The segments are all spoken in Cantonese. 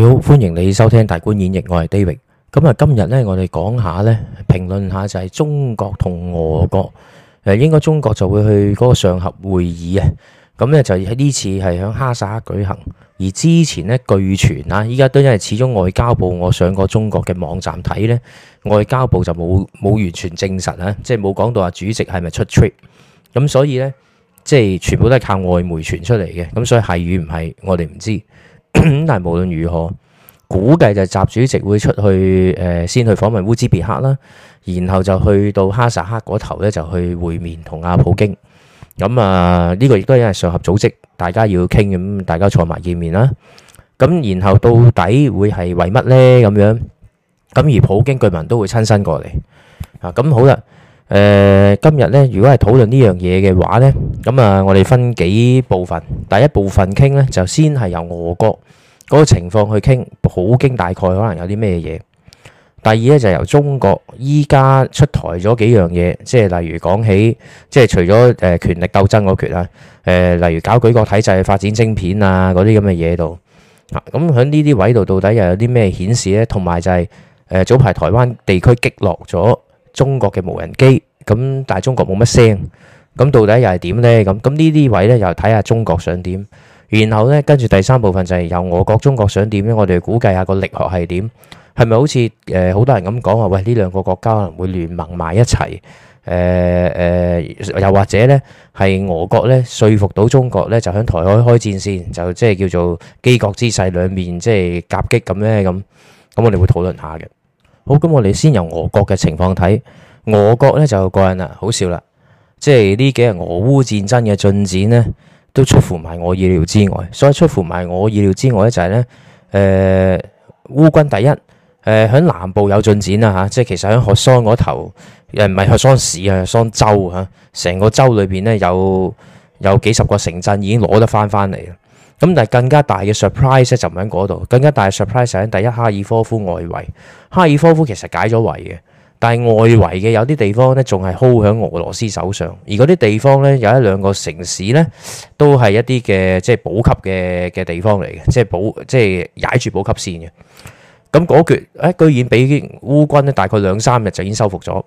你好，歡迎你收聽大觀演繹，我係 David。咁啊，今日咧，我哋講下咧，評論下就係中國同俄國。誒，應該中國就會去嗰個上合會議啊。咁咧就喺呢次係響哈薩克舉行。而之前咧據傳啊，依家都因為始終外交部我上過中國嘅網站睇咧，外交部就冇冇完全證實啊，即係冇講到話主席係咪出 trip。咁所以咧，即係全部都係靠外媒傳出嚟嘅。咁所以係與唔係，我哋唔知。 但係無論如何，估計就習主席會出去，誒、呃，先去訪問烏茲別克啦，然後就去到哈薩克嗰頭咧，就去會面同阿普京。咁、嗯、啊，呢、這個亦都因為上合組織，大家要傾，咁大家坐埋見面啦。咁、啊、然後到底會係為乜呢？咁樣咁而普京據聞都會親身過嚟啊。咁、嗯、好啦。誒、呃、今日咧，如果係討論呢樣嘢嘅話咧，咁啊，我哋分幾部分。第一部分傾咧，就先係由俄國嗰個情況去傾，普京大概可能有啲咩嘢。第二咧就是、由中國依家出台咗幾樣嘢，即係例如講起，即係除咗誒權力鬥爭嗰橛啊，誒、呃、例如搞舉國體制去發展晶片啊嗰啲咁嘅嘢度。啊，咁喺呢啲位度到底又有啲咩顯示咧？同埋就係、是、誒、呃、早排台灣地區擊落咗。中國嘅無人機咁，但係中國冇乜聲，咁到底又係點咧？咁咁呢啲位咧，又睇下中國想點。然後咧，跟住第三部分就係由俄國中國想點，我哋估計下個力學係點，係咪好似誒好多人咁講話，喂，呢兩個國家可能會聯盟埋一齊，誒誒，又或者咧係俄國咧説服到中國咧，就喺台海開戰線，就即係叫做機國之勢兩面即係夾擊咁咧？咁咁我哋會討論下嘅。好，咁我哋先由俄國嘅情況睇，俄國咧就過癮啦，好笑啦，即係呢幾日俄烏戰爭嘅進展呢，都出乎埋我意料之外。所以出乎埋我意料之外咧就係、是、咧，誒、呃、烏軍第一，誒、呃、響南部有進展啦嚇、啊，即係其實喺赫桑嗰頭，誒唔係赫桑市啊，赫桑州啊，成個州裏邊咧有有幾十個城鎮已經攞得返返嚟啦。咁但係更加大嘅 surprise 就唔喺嗰度，更加大嘅 surprise 就喺第一。哈爾科夫外圍，哈爾科夫其實解咗圍嘅，但係外圍嘅有啲地方呢仲係 hold 喺俄羅斯手上。而嗰啲地方呢有一兩個城市呢都係一啲嘅即係補給嘅嘅地方嚟嘅，即係補即係踩住補給線嘅。咁嗰決居然俾烏軍咧大概兩三日就已經收復咗。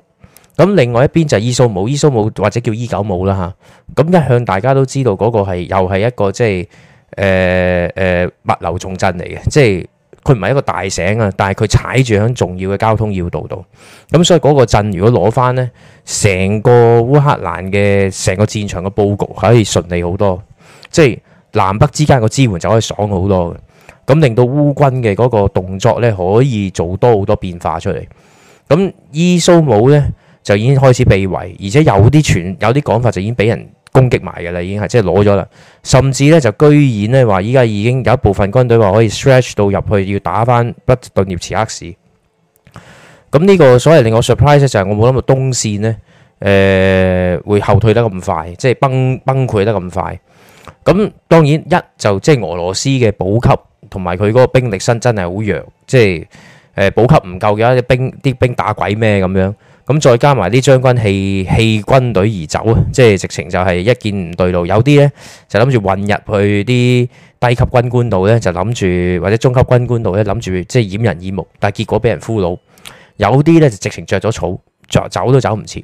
咁另外一邊就係伊蘇姆伊蘇姆，或者叫伊九姆啦嚇。咁一向大家都知道嗰個係又係一個即係。就是誒誒、呃呃，物流重鎮嚟嘅，即係佢唔係一個大城啊，但係佢踩住喺重要嘅交通要道度，咁所以嗰個鎮如果攞翻呢，成個烏克蘭嘅成個戰場嘅佈局可以順利好多，即係南北之間個支援就可以爽好多嘅，咁令到烏軍嘅嗰個動作呢，可以做多好多變化出嚟。咁伊蘇姆呢就已經開始被圍，而且有啲傳有啲講法就已經俾人攻擊埋㗎啦，已經係即係攞咗啦。甚至咧就居然咧話，依家已經有一部分軍隊話可以 stretch 到入去，要打翻北頓涅茨克市。咁呢個所謂令我 surprise 就係我冇諗到東線呢誒、呃、會後退得咁快，即係崩崩潰得咁快。咁當然一就即係、就是、俄羅斯嘅補給同埋佢嗰個兵力身真係好弱，即係誒、呃、補給唔夠嘅一啲兵，啲兵打鬼咩咁樣。咁再加埋啲將軍棄棄軍隊而走啊！即係直情就係一見唔對路，有啲咧就諗住混入去啲低級軍官度咧，就諗住或者中級軍官度咧諗住即係掩人耳目，但係結果俾人俘虜。有啲咧就直情著咗草，著走都走唔切。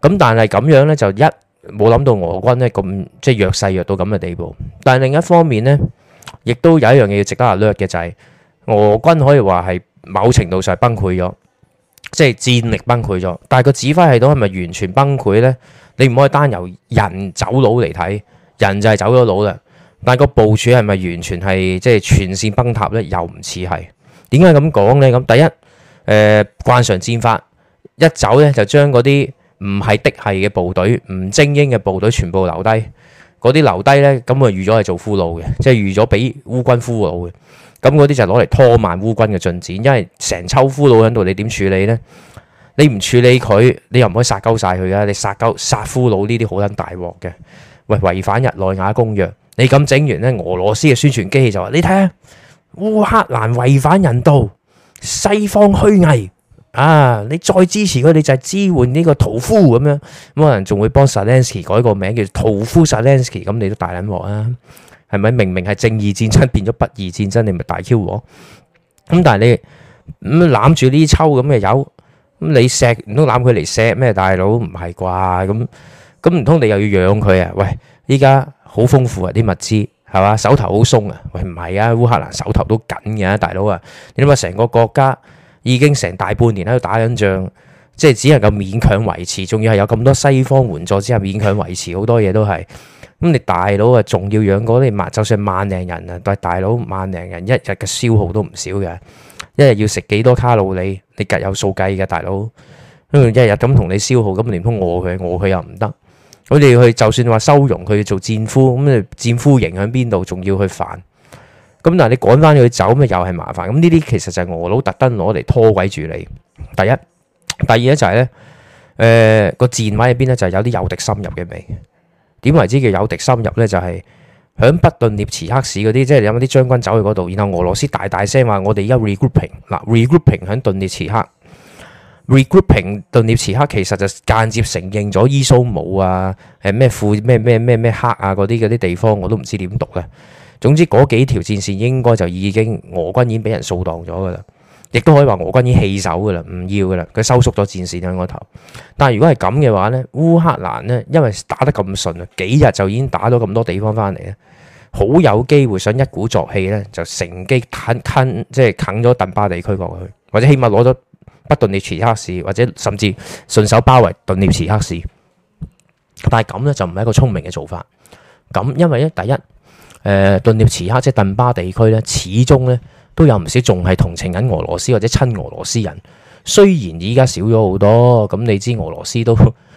咁但係咁樣咧就一冇諗到俄軍咧咁即係弱勢弱到咁嘅地步。但係另一方面咧，亦都有一樣嘢值得 note 嘅就係俄軍可以話係某程度上崩潰咗。即係戰力崩潰咗，但係個指揮系統係咪完全崩潰呢？你唔可以單由人走佬嚟睇人就係走咗佬啦。但係個部署係咪完全係即係全綫崩塌呢？又唔似係。點解咁講呢？咁第一，誒慣常戰法一走呢，就將嗰啲唔係嫡系嘅部隊，唔精英嘅部隊全部留低。嗰啲留低呢，咁啊預咗係做俘虜嘅，即係預咗俾烏軍俘虜嘅。咁嗰啲就攞嚟拖慢烏軍嘅進展，因為成抽俘虜喺度，你點處理呢？你唔處理佢，你又唔可以殺鳩晒佢啊！你殺鳩殺俘虜呢啲好撚大鑊嘅，喂違反日內瓦公約，你咁整完呢俄羅斯嘅宣傳機器就話：你睇下烏克蘭違反人道，西方虛偽啊！你再支持佢，你就係支援呢個屠夫咁樣，咁可能仲會幫 Zelensky 改個名叫屠夫 Zelensky 咁你都大撚鑊啊！.係咪明明係正義戰爭變咗不義戰爭？你咪大 Q 我咁，但係你咁攬住呢抽咁嘅油，咁你錫唔通攬佢嚟錫咩？大佬唔係啩？咁咁唔通你又要養佢啊，啊？喂，依家好豐富啲物資係嘛，手頭好鬆啊？喂，唔係啊，烏克蘭手頭都緊嘅、啊，大佬啊！你諗下成個國家已經成大半年喺度打緊仗，即係只能夠勉強維持，仲要係有咁多西方援助之後勉強維持，好多嘢都係。咁你大佬啊，仲要養嗰啲萬，就算萬零人啊，但係大佬萬零人一日嘅消耗都唔少嘅，一日要食幾多卡路里？你各有數計嘅，大佬，一日咁同你消耗，咁連通餓佢，餓佢又唔得。我哋去就算話收容佢做戰俘，咁你戰俘營喺邊度？仲要去煩？咁但係你趕翻佢走，咁又係麻煩。咁呢啲其實就係俄佬特登攞嚟拖鬼住你。第一，第二咧就係、是、咧，誒、呃、個戰位入邊咧就係有啲誘敵深入嘅味。點為之叫有敵深入呢？就係、是、響北頓涅茨克市嗰啲，即係有啲將軍走去嗰度，然後俄羅斯大大聲話、啊：我哋而家 regrouping，嗱 regrouping 響頓涅茨克，regrouping 頓涅茨克其實就間接承認咗伊蘇姆啊，係咩副咩咩咩咩黑啊嗰啲嗰啲地方，我都唔知點讀嘅。總之嗰幾條戰線應該就已經俄軍已經俾人掃蕩咗噶啦。亦都可以話俄軍已經棄守嘅啦，唔要嘅啦，佢收縮咗戰線喺個頭。但係如果係咁嘅話呢，烏克蘭呢，因為打得咁順啊，幾日就已經打咗咁多地方翻嚟咧，好有機會想一鼓作氣呢，就乘機啃即係啃咗頓巴地區過去，或者起碼攞咗不頓列茨克市，或者甚至順手包圍頓涅茨克市。但係咁呢，就唔係一個聰明嘅做法。咁因為咧第一，誒、呃、頓涅茨克即係頓巴地區呢，始終呢。都有唔少，仲係同情緊俄羅斯或者親俄羅斯人。雖然依家少咗好多，咁你知俄羅斯都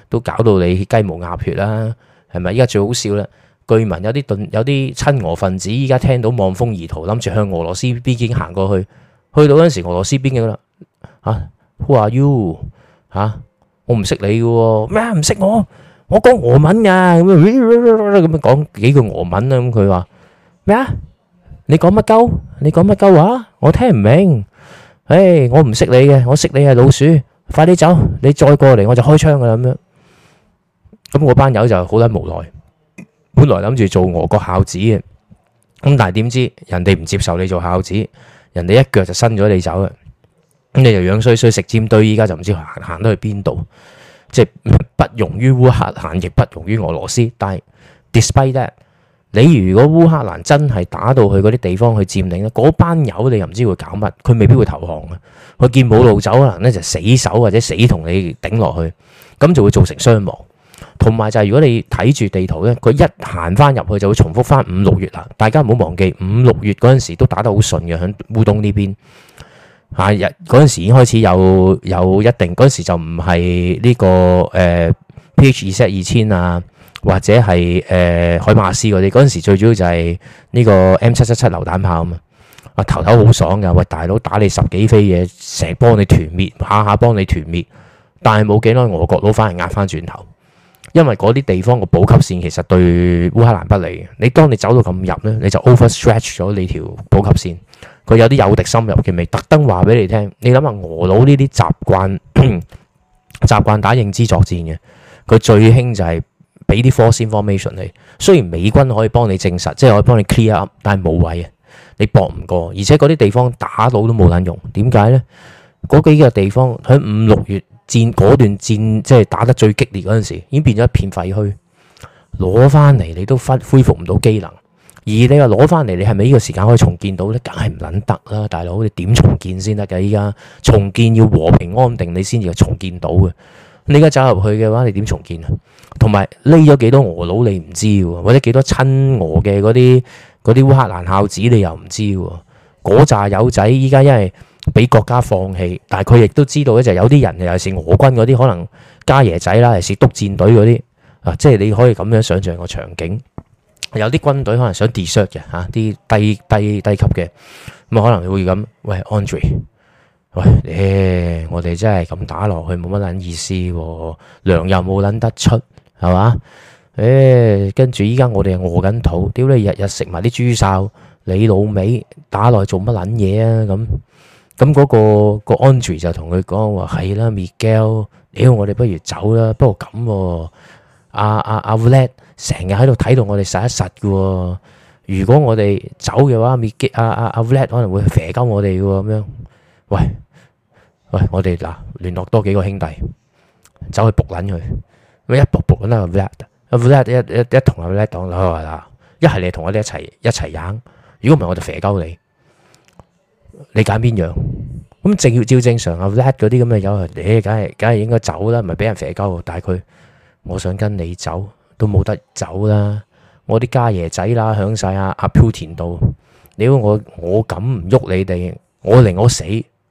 都搞到你雞毛鴨血啦，係咪？依家最好笑啦，據聞有啲頓有啲親俄分子，依家聽到望風而逃，諗住向俄羅斯邊境行過去，去到嗰陣時，俄羅斯邊嘅啦嚇。Who are you？吓、啊？我唔識你嘅喎咩？唔識我，我講俄文噶，咁樣咁樣講幾句俄文啦。咁佢話咩啊？你講乜鳩？你講乜鳩話？我聽唔明。誒，hey，我唔識你嘅，我識你係老鼠。快啲走！你再過嚟我就開槍噶啦咁樣。咁我班友就好得無奈。本來諗住做俄國孝子嘅，咁但係點知人哋唔接受你做孝子，人哋一腳就伸咗你走啦。咁你就樣衰衰食尖堆，依家就唔知行行到去邊度。即係不容於烏克蘭，亦不容於俄羅斯。但係 despite that。你如果烏克蘭真係打到去嗰啲地方去佔領咧，嗰班友你又唔知會搞乜，佢未必會投降啊！佢見冇路走，可能咧就死守或者死同你頂落去，咁就會造成傷亡。同埋就係如果你睇住地圖咧，佢一行返入去就會重複返五六月啦。大家唔好忘記五六月嗰陣時都打得好順嘅喺烏東呢邊嚇，日嗰陣時已經開始有有一定嗰陣時就唔係呢個誒 P H 二 set 二千啊。或者係誒、呃、海馬斯嗰啲嗰陣時，最主要就係呢個 M 七七七榴彈炮啊嘛，啊頭頭好爽㗎。喂大佬，打你十幾飛嘢，成日幫你團滅，下下幫你團滅。但係冇幾耐，俄國佬反而壓翻轉頭，因為嗰啲地方個補給線其實對烏克蘭不利嘅。你當你走到咁入呢，你就 over stretch 咗你條補給線。佢有啲誘敵深入嘅味，特登話俾你聽。你諗下，俄佬呢啲習慣 習慣打認知作戰嘅，佢最興就係、是。俾啲 false information 你，雖然美軍可以幫你證實，即係可以幫你 clear up，但係冇位啊！你搏唔過，而且嗰啲地方打到都冇撚用。點解呢？嗰幾個地方喺五六月戰嗰段戰，即係打得最激烈嗰陣時，已經變咗一片廢墟。攞翻嚟你都恢復唔到機能，而你話攞翻嚟你係咪呢個時間可以重建到呢？梗係唔撚得啦！大佬你點重建先得嘅？依家重建要和平安定，你先至重建到嘅。你而家走入去嘅話，你點重建啊？同埋匿咗幾多俄佬，你唔知喎；或者幾多親俄嘅嗰啲嗰啲烏克蘭孝子，你又唔知喎。嗰扎友仔依家因為俾國家放棄，但係佢亦都知道咧，就係有啲人尤其是俄軍嗰啲，可能家爺仔啦，尤其是督戰隊嗰啲啊，即係你可以咁樣想像個場景，有啲軍隊可能想 dishout 嘅嚇，啲、啊、低低低級嘅，咁可能會咁，喂 Andrei。Andrei, 喂，誒，我哋真係咁打落去冇乜撚意思喎，糧又冇撚得出，係嘛？誒，跟住依家我哋係餓緊肚，屌你日日食埋啲豬潲，你老味打落去做乜撚嘢啊？咁，咁嗰個個 Andrew 就同佢講，話係啦，Miguel，屌我哋不如走啦，不過咁，阿阿阿 Vlad 成日喺度睇到我哋實一實㗎喎，如果我哋走嘅話，Miguel 阿阿阿 Vlad 可能會肥鳩我哋㗎喎，咁樣，喂。喂，我哋嗱聯絡多幾個兄弟，走去搏撚佢，咁一搏搏撚就拉，一拉一一一同就拉倒啦。一係、嗯、你同我哋一齊一齊硬，如果唔係我就肥鳩你。你揀邊樣？咁正要照正常啊，拉嗰啲咁嘅友，誒，梗係梗係應該走啦，唔係俾人肥鳩。但係佢，我想跟你走，都冇得走啦。我啲家爺仔啦，響曬阿 Pu 田度，你估我我敢唔喐你哋？我寧我死。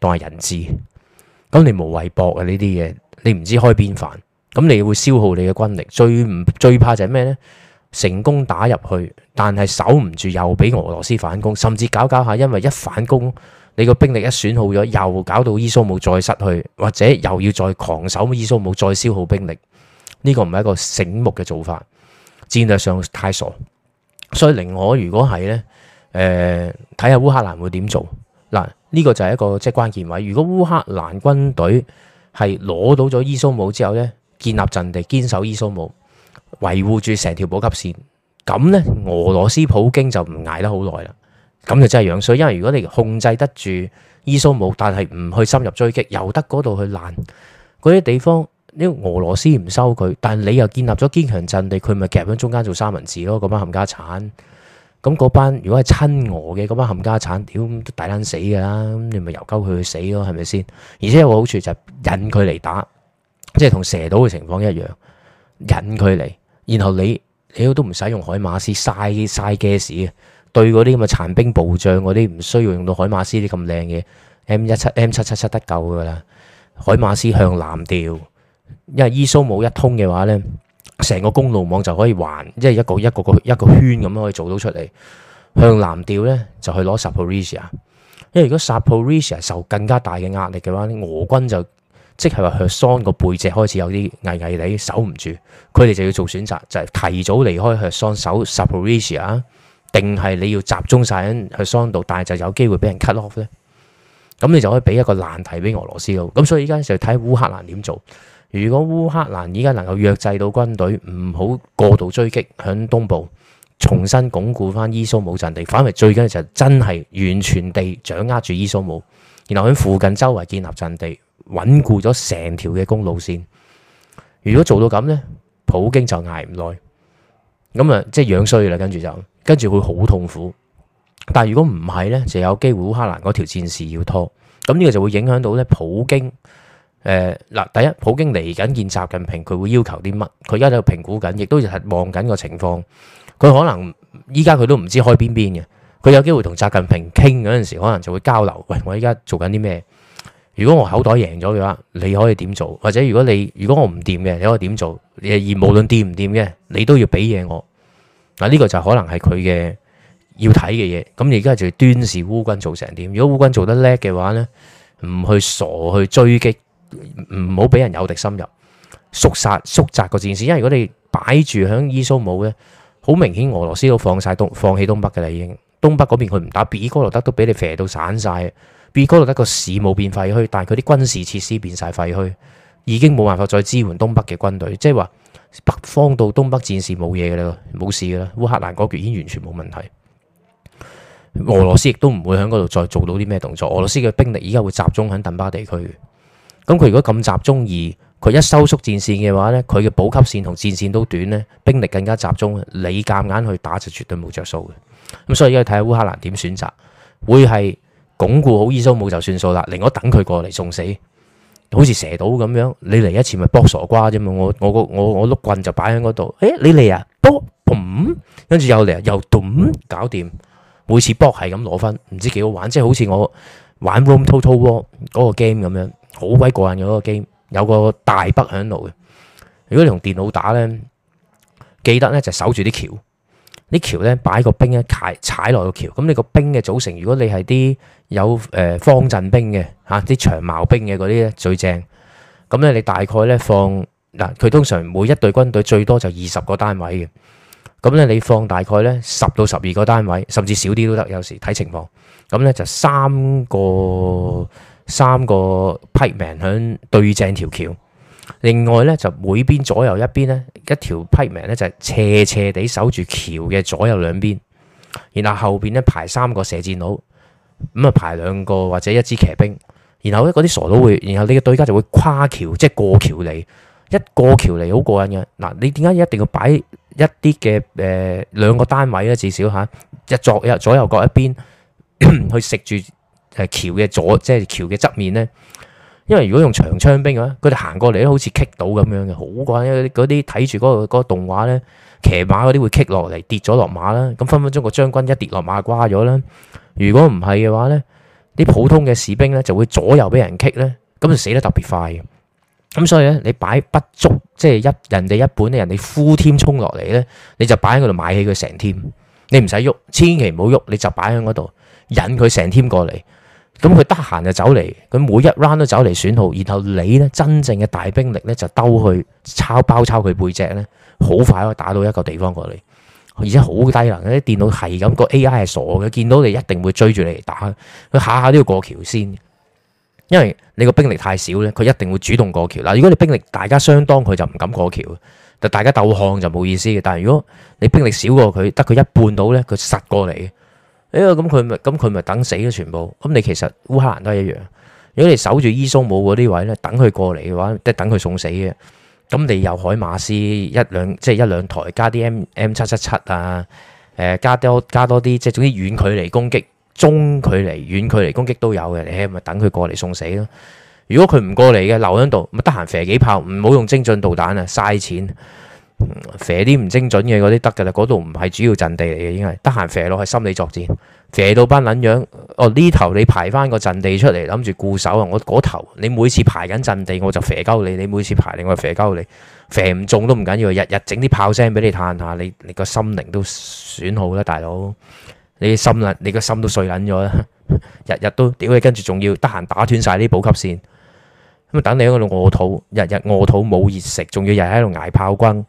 當係人質，咁你無謂搏啊！呢啲嘢你唔知開邊瓣，咁你會消耗你嘅軍力。最唔最怕就係咩呢？成功打入去，但係守唔住，又俾俄羅斯反攻，甚至搞搞下，因為一反攻你個兵力一損耗咗，又搞到伊蘇姆再失去，或者又要再狂守伊蘇姆，再消耗兵力。呢、這個唔係一個醒目嘅做法，戰略上太傻。所以令我如果係呢，誒睇下烏克蘭會點做。嗱，呢個就係一個即係關鍵位。如果烏克蘭軍隊係攞到咗伊蘇姆之後呢建立陣地堅守伊蘇姆，維護住成條補給線，咁呢，俄羅斯普京就唔捱得好耐啦。咁就真係樣衰，因為如果你控制得住伊蘇姆，但係唔去深入追擊，由得嗰度去爛嗰啲地方，呢俄羅斯唔收佢，但係你又建立咗堅強陣地，佢咪夾喺中間做三文治咯？咁樣冚家鏟。咁嗰班如果係親俄嘅嗰班冚家產，屌、哎、都抵撚死㗎啦！咁你咪由鳩佢去死咯，係咪先？而且有個好處就係引佢嚟打，即係同蛇島嘅情況一樣，引佢嚟，然後你屌都唔使用，用海馬斯嘥嘥嘅士嘅，對嗰啲咁嘅殘兵敗將嗰啲唔需要用到海馬斯啲咁靚嘅 M 一七 M 七七七得夠㗎啦，海馬斯向南調，因為伊蘇姆一通嘅話咧。成個公路網就可以環，即係一個一個個一個圈咁樣可以做到出嚟。向南調咧，就去攞 Zaporizhzhia 因為如果 Zaporizhzhia 受更加大嘅壓力嘅話，俄軍就即係話去 Kherson 個背脊開始有啲危危地守唔住，佢哋就要做選擇，就係、是、提早離開去 Kherson 守 Zaporizhzhia，定係你要集中晒喺 Kherson 度，但係就有機會俾人 cut off 咧。咁你就可以俾一個難題俾俄羅斯咯。咁所以依家就睇烏克蘭點做。如果烏克蘭依家能夠約制到軍隊，唔好過度追擊響東部，重新鞏固翻伊蘇姆陣地，反為最緊要就真係完全地掌握住伊蘇姆，然後喺附近周圍建立陣地，穩固咗成條嘅公路線。如果做到咁呢，普京就捱唔耐，咁啊即係樣衰啦，跟住就跟住會好痛苦。但係如果唔係呢，就有機會烏克蘭嗰條戰事要拖，咁呢個就會影響到呢普京。誒嗱，第一，普京嚟緊見習近平，佢會要求啲乜？佢而家喺度評估緊，亦都係望緊個情況。佢可能依家佢都唔知開邊邊嘅。佢有機會同習近平傾嗰陣時，可能就會交流。喂，我依家做緊啲咩？如果我口袋贏咗嘅話，你可以點做？或者如果你如果我唔掂嘅，你可以點做？而無論掂唔掂嘅，你都要俾嘢我嗱。呢個就可能係佢嘅要睇嘅嘢。咁你而家就要端視烏軍做成點？如果烏軍做得叻嘅話咧，唔去傻去追擊。唔好俾人有敵深入，縮殺縮窄個戰線。因為如果你擺住喺伊蘇姆咧，好明顯俄羅斯都放晒東，放棄東北嘅啦，已經東北嗰邊佢唔打比哥羅德都俾你肥到散晒。比哥羅德個市冇變廢墟，但係佢啲軍事設施變晒廢墟，已經冇辦法再支援東北嘅軍隊。即係話北方到東北戰事冇嘢噶啦，冇事噶啦。烏克蘭嗰橛已經完全冇問題，俄羅斯亦都唔會喺嗰度再做到啲咩動作。俄羅斯嘅兵力而家會集中喺頓巴地區。咁佢如果咁集中而佢一收縮戰線嘅話咧，佢嘅補給線同戰線都短咧，兵力更加集中。你夾硬去打就絕對冇着數嘅。咁所以而家睇下烏克蘭點選擇，會係鞏固好伊蘇姆就算數啦。另我等佢過嚟送死，好似蛇島咁樣，你嚟一次咪卜傻瓜啫嘛。我我我我碌棍就擺喺嗰度，誒你嚟啊，搏，跟住又嚟啊，又揼，搞掂。每次搏係咁攞分，唔知幾好玩，即係好似我玩《Rome Total War》嗰個 game 咁樣。好鬼過癮嘅嗰個機，有個大北喺度嘅。如果你同電腦打咧，記得咧就守住啲橋。啲橋咧擺個兵咧踩踩落個橋。咁你個兵嘅組成，如果你係啲有誒方陣兵嘅，吓啲長矛兵嘅嗰啲咧最正。咁咧你大概咧放嗱，佢通常每一隊軍隊最多就二十個單位嘅。咁咧你放大概咧十到十二個單位，甚至少啲都得，有時睇情況。咁咧就三個。三個批明響對正條橋，另外咧就每邊左右一邊咧一條批明咧就係斜斜地守住橋嘅左右兩邊，然後後邊咧排三個射箭佬，咁啊排兩個或者一支騎兵，然後咧嗰啲傻佬會，然後你嘅對家就會跨橋，即係過橋嚟，一橋過橋嚟好過癮嘅。嗱、啊，你點解一定要擺一啲嘅誒兩個單位咧？至少嚇一左一左右各一邊 去食住。係橋嘅左，即係橋嘅側面咧。因為如果用長槍兵嘅話，佢哋行過嚟都好似棘到咁樣嘅，好怪。嗰啲睇住嗰個嗰個動畫咧，騎馬嗰啲會棘落嚟，跌咗落馬啦。咁分分鐘個將軍一跌落馬瓜咗啦。如果唔係嘅話咧，啲普通嘅士兵咧就會左右俾人棘咧，咁就死得特別快。咁所以咧，你擺不足即係一人哋一本咧，人哋呼添衝落嚟咧，你就擺喺嗰度買起佢成添，你唔使喐，千祈唔好喐，你就擺喺嗰度引佢成添過嚟。咁佢得閒就走嚟，佢每一 round 都走嚟選號，然後你咧真正嘅大兵力咧就兜去抄包抄佢背脊咧，好快可以打到一個地方過嚟，而且好低能嘅啲電腦係咁，個 AI 係傻嘅，見到你一定會追住你嚟打，佢下下都要過橋先，因為你個兵力太少咧，佢一定會主動過橋。嗱，如果你兵力大家相當，佢就唔敢過橋；但大家鬥巷就冇意思嘅。但係如果你兵力少過佢，得佢一半到咧，佢實過嚟。哎呀咁佢咪咁佢咪等死咯？全部，咁你其實烏克蘭都係一樣。如果你守住伊蘇姆嗰啲位咧，等佢過嚟嘅話，即係等佢送死嘅。咁你由海馬斯一兩，即係一兩台加啲 M M 七七七啊，誒，加多加多啲，即係總之遠距離攻擊、中距離、遠距離攻擊都有嘅，你咪等佢過嚟送死咯。如果佢唔過嚟嘅，留喺度，咪得閒射幾炮，唔好用精進導彈啊，嘥錢。飛啲唔精準嘅嗰啲得㗎喇，嗰度唔係主要陣地嚟嘅，應該係得閒飛落去係心理作戰。飛到班捻樣哦，呢頭你排翻個陣地出嚟諗住固守啊，我嗰頭你每次排緊陣地我就飛鳩你，你每次排你我就飛鳩你，飛唔中都唔緊要，日日整啲炮聲俾你嘆下，你你個心靈都損耗啦，大佬你心你個心都碎捻咗啦，日日都屌你，跟住仲要得閒打斷晒啲補給線，咁啊等你喺度餓肚，日日餓肚冇熱食，仲要日日喺度挨炮轟。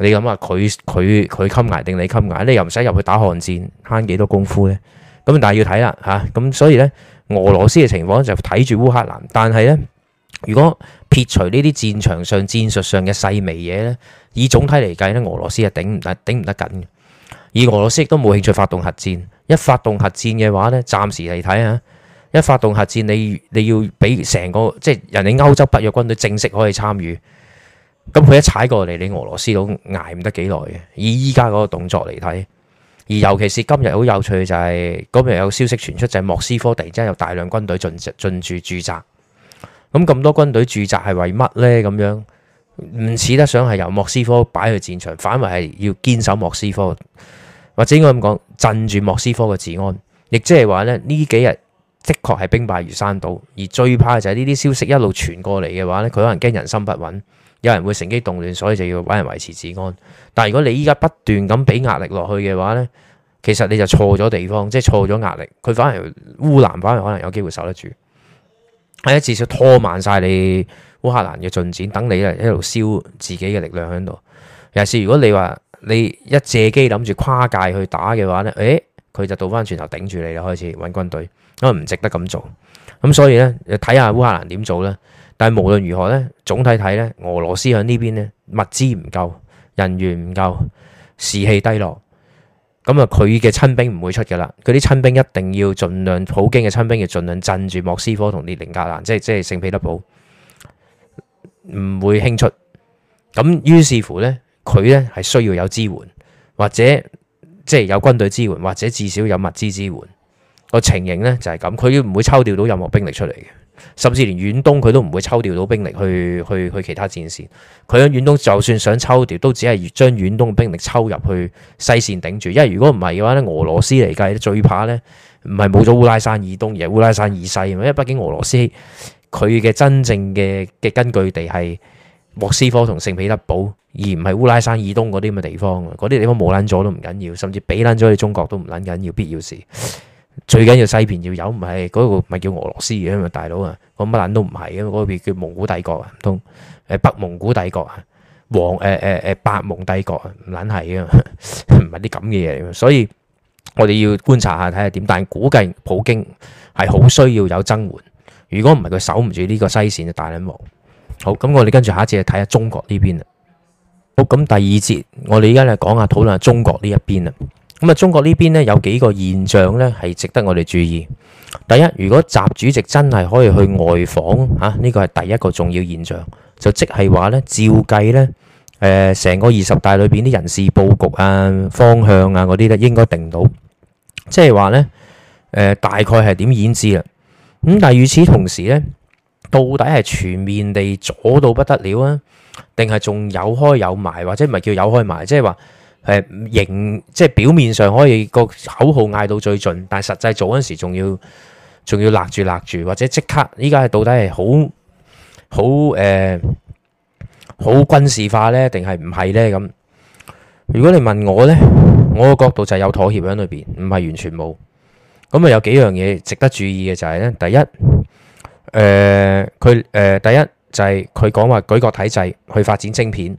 你咁啊，佢佢佢襟捱定你襟捱，你又唔使入去打寒戰，慳幾多功夫呢？咁但係要睇啦嚇，咁、啊、所以呢，俄羅斯嘅情況就睇住烏克蘭。但係呢，如果撇除呢啲戰場上戰術上嘅細微嘢呢，以總體嚟計呢，俄羅斯係頂唔得頂唔得緊嘅。而俄羅斯亦都冇興趣發動核戰，一發動核戰嘅話呢，暫時嚟睇嚇，一發動核戰，你你要俾成個即係、就是、人哋歐洲北約軍隊正式可以參與。咁佢一踩過嚟，你俄羅斯佬挨唔得幾耐嘅？以依家嗰個動作嚟睇，而尤其是今日好有趣就係、是，嗰邊有消息傳出就係、是、莫斯科突然之間有大量軍隊進駐進駐駐紮。咁咁多軍隊駐紮係為乜呢？咁樣唔似得想係由莫斯科擺去戰場，反為係要堅守莫斯科，或者應該咁講，鎮住莫斯科嘅治安。亦即係話呢，呢幾日的確係兵敗如山倒，而最怕就係呢啲消息一路傳過嚟嘅話呢，佢可能驚人心不穩。有人會乘機動亂，所以就要揾人維持治安。但係如果你依家不斷咁俾壓力落去嘅話呢，其實你就錯咗地方，即係錯咗壓力。佢反而烏克蘭反而可能有機會守得住。哎，至少拖慢晒你烏克蘭嘅進展，等你啊一路燒自己嘅力量喺度。尤其是如果你話你一借機諗住跨界去打嘅話呢，誒，佢就倒翻轉頭頂住你啦，開始揾軍隊，因為唔值得咁做。咁所以咧，睇下烏克蘭點做呢？但係無論如何咧，總體睇咧，俄羅斯喺呢邊咧物資唔夠，人員唔夠，士氣低落，咁啊佢嘅親兵唔會出噶啦，佢啲親兵一定要盡量，普京嘅親兵要盡量鎮住莫斯科同列寧格蘭，即係即係聖彼得堡，唔會輕出。咁於是乎咧，佢咧係需要有支援，或者即係有軍隊支援，或者至少有物資支援。個情形咧就係咁，佢都唔會抽調到任何兵力出嚟嘅。甚至連遠東佢都唔會抽調到兵力去去去其他戰線，佢喺遠東就算想抽調，都只係將遠東嘅兵力抽入去西線頂住。因為如果唔係嘅話咧，俄羅斯嚟計最怕呢唔係冇咗烏拉山以東，而係烏拉山以西。因為畢竟俄羅斯佢嘅真正嘅嘅根據地係莫斯科同聖彼得堡，而唔係烏拉山以東嗰啲咁嘅地方。嗰啲地方冇捻咗都唔緊要，甚至俾捻咗你中國都唔捻緊要，必要事。最緊要西邊要有，唔係嗰個唔係叫俄羅斯嘅嘛，大佬啊，我乜卵都唔係啊，嗰邊叫蒙古帝國啊，唔通誒北蒙古帝國啊，黃誒誒誒白蒙帝國啊，唔卵係啊，唔係啲咁嘅嘢，所以我哋要觀察下睇下點，但估計普京係好需要有增援，如果唔係佢守唔住呢個西線嘅大卵毛，好，咁我哋跟住下一節啊睇下中國呢邊啦，好，咁第二節我哋而家嚟講下討論下中國呢一邊啦。咁啊，中國呢邊咧有幾個現象咧，係值得我哋注意。第一，如果習主席真係可以去外訪嚇，呢個係第一個重要現象，就即係話咧，照計咧，誒、呃，成個二十大裏邊啲人事佈局啊、方向啊嗰啲咧，應該定到，即係話咧，誒、呃，大概係點已經知啦。咁但係與此同時咧，到底係全面地阻到不得了啊，定係仲有開有埋，或者唔係叫有開埋，即係話？誒，型、呃、即係表面上可以個口號嗌到最盡，但係實際做嗰陣時，仲要仲要勒住勒住，或者即刻依家係到底係好好誒好軍事化呢定係唔係呢？咁，如果你問我呢，我嘅角度就係有妥協喺裏邊，唔係完全冇。咁啊，有幾樣嘢值得注意嘅就係、是、呢：第一，誒、呃，佢誒、呃，第一就係佢講話舉國體制去發展晶片。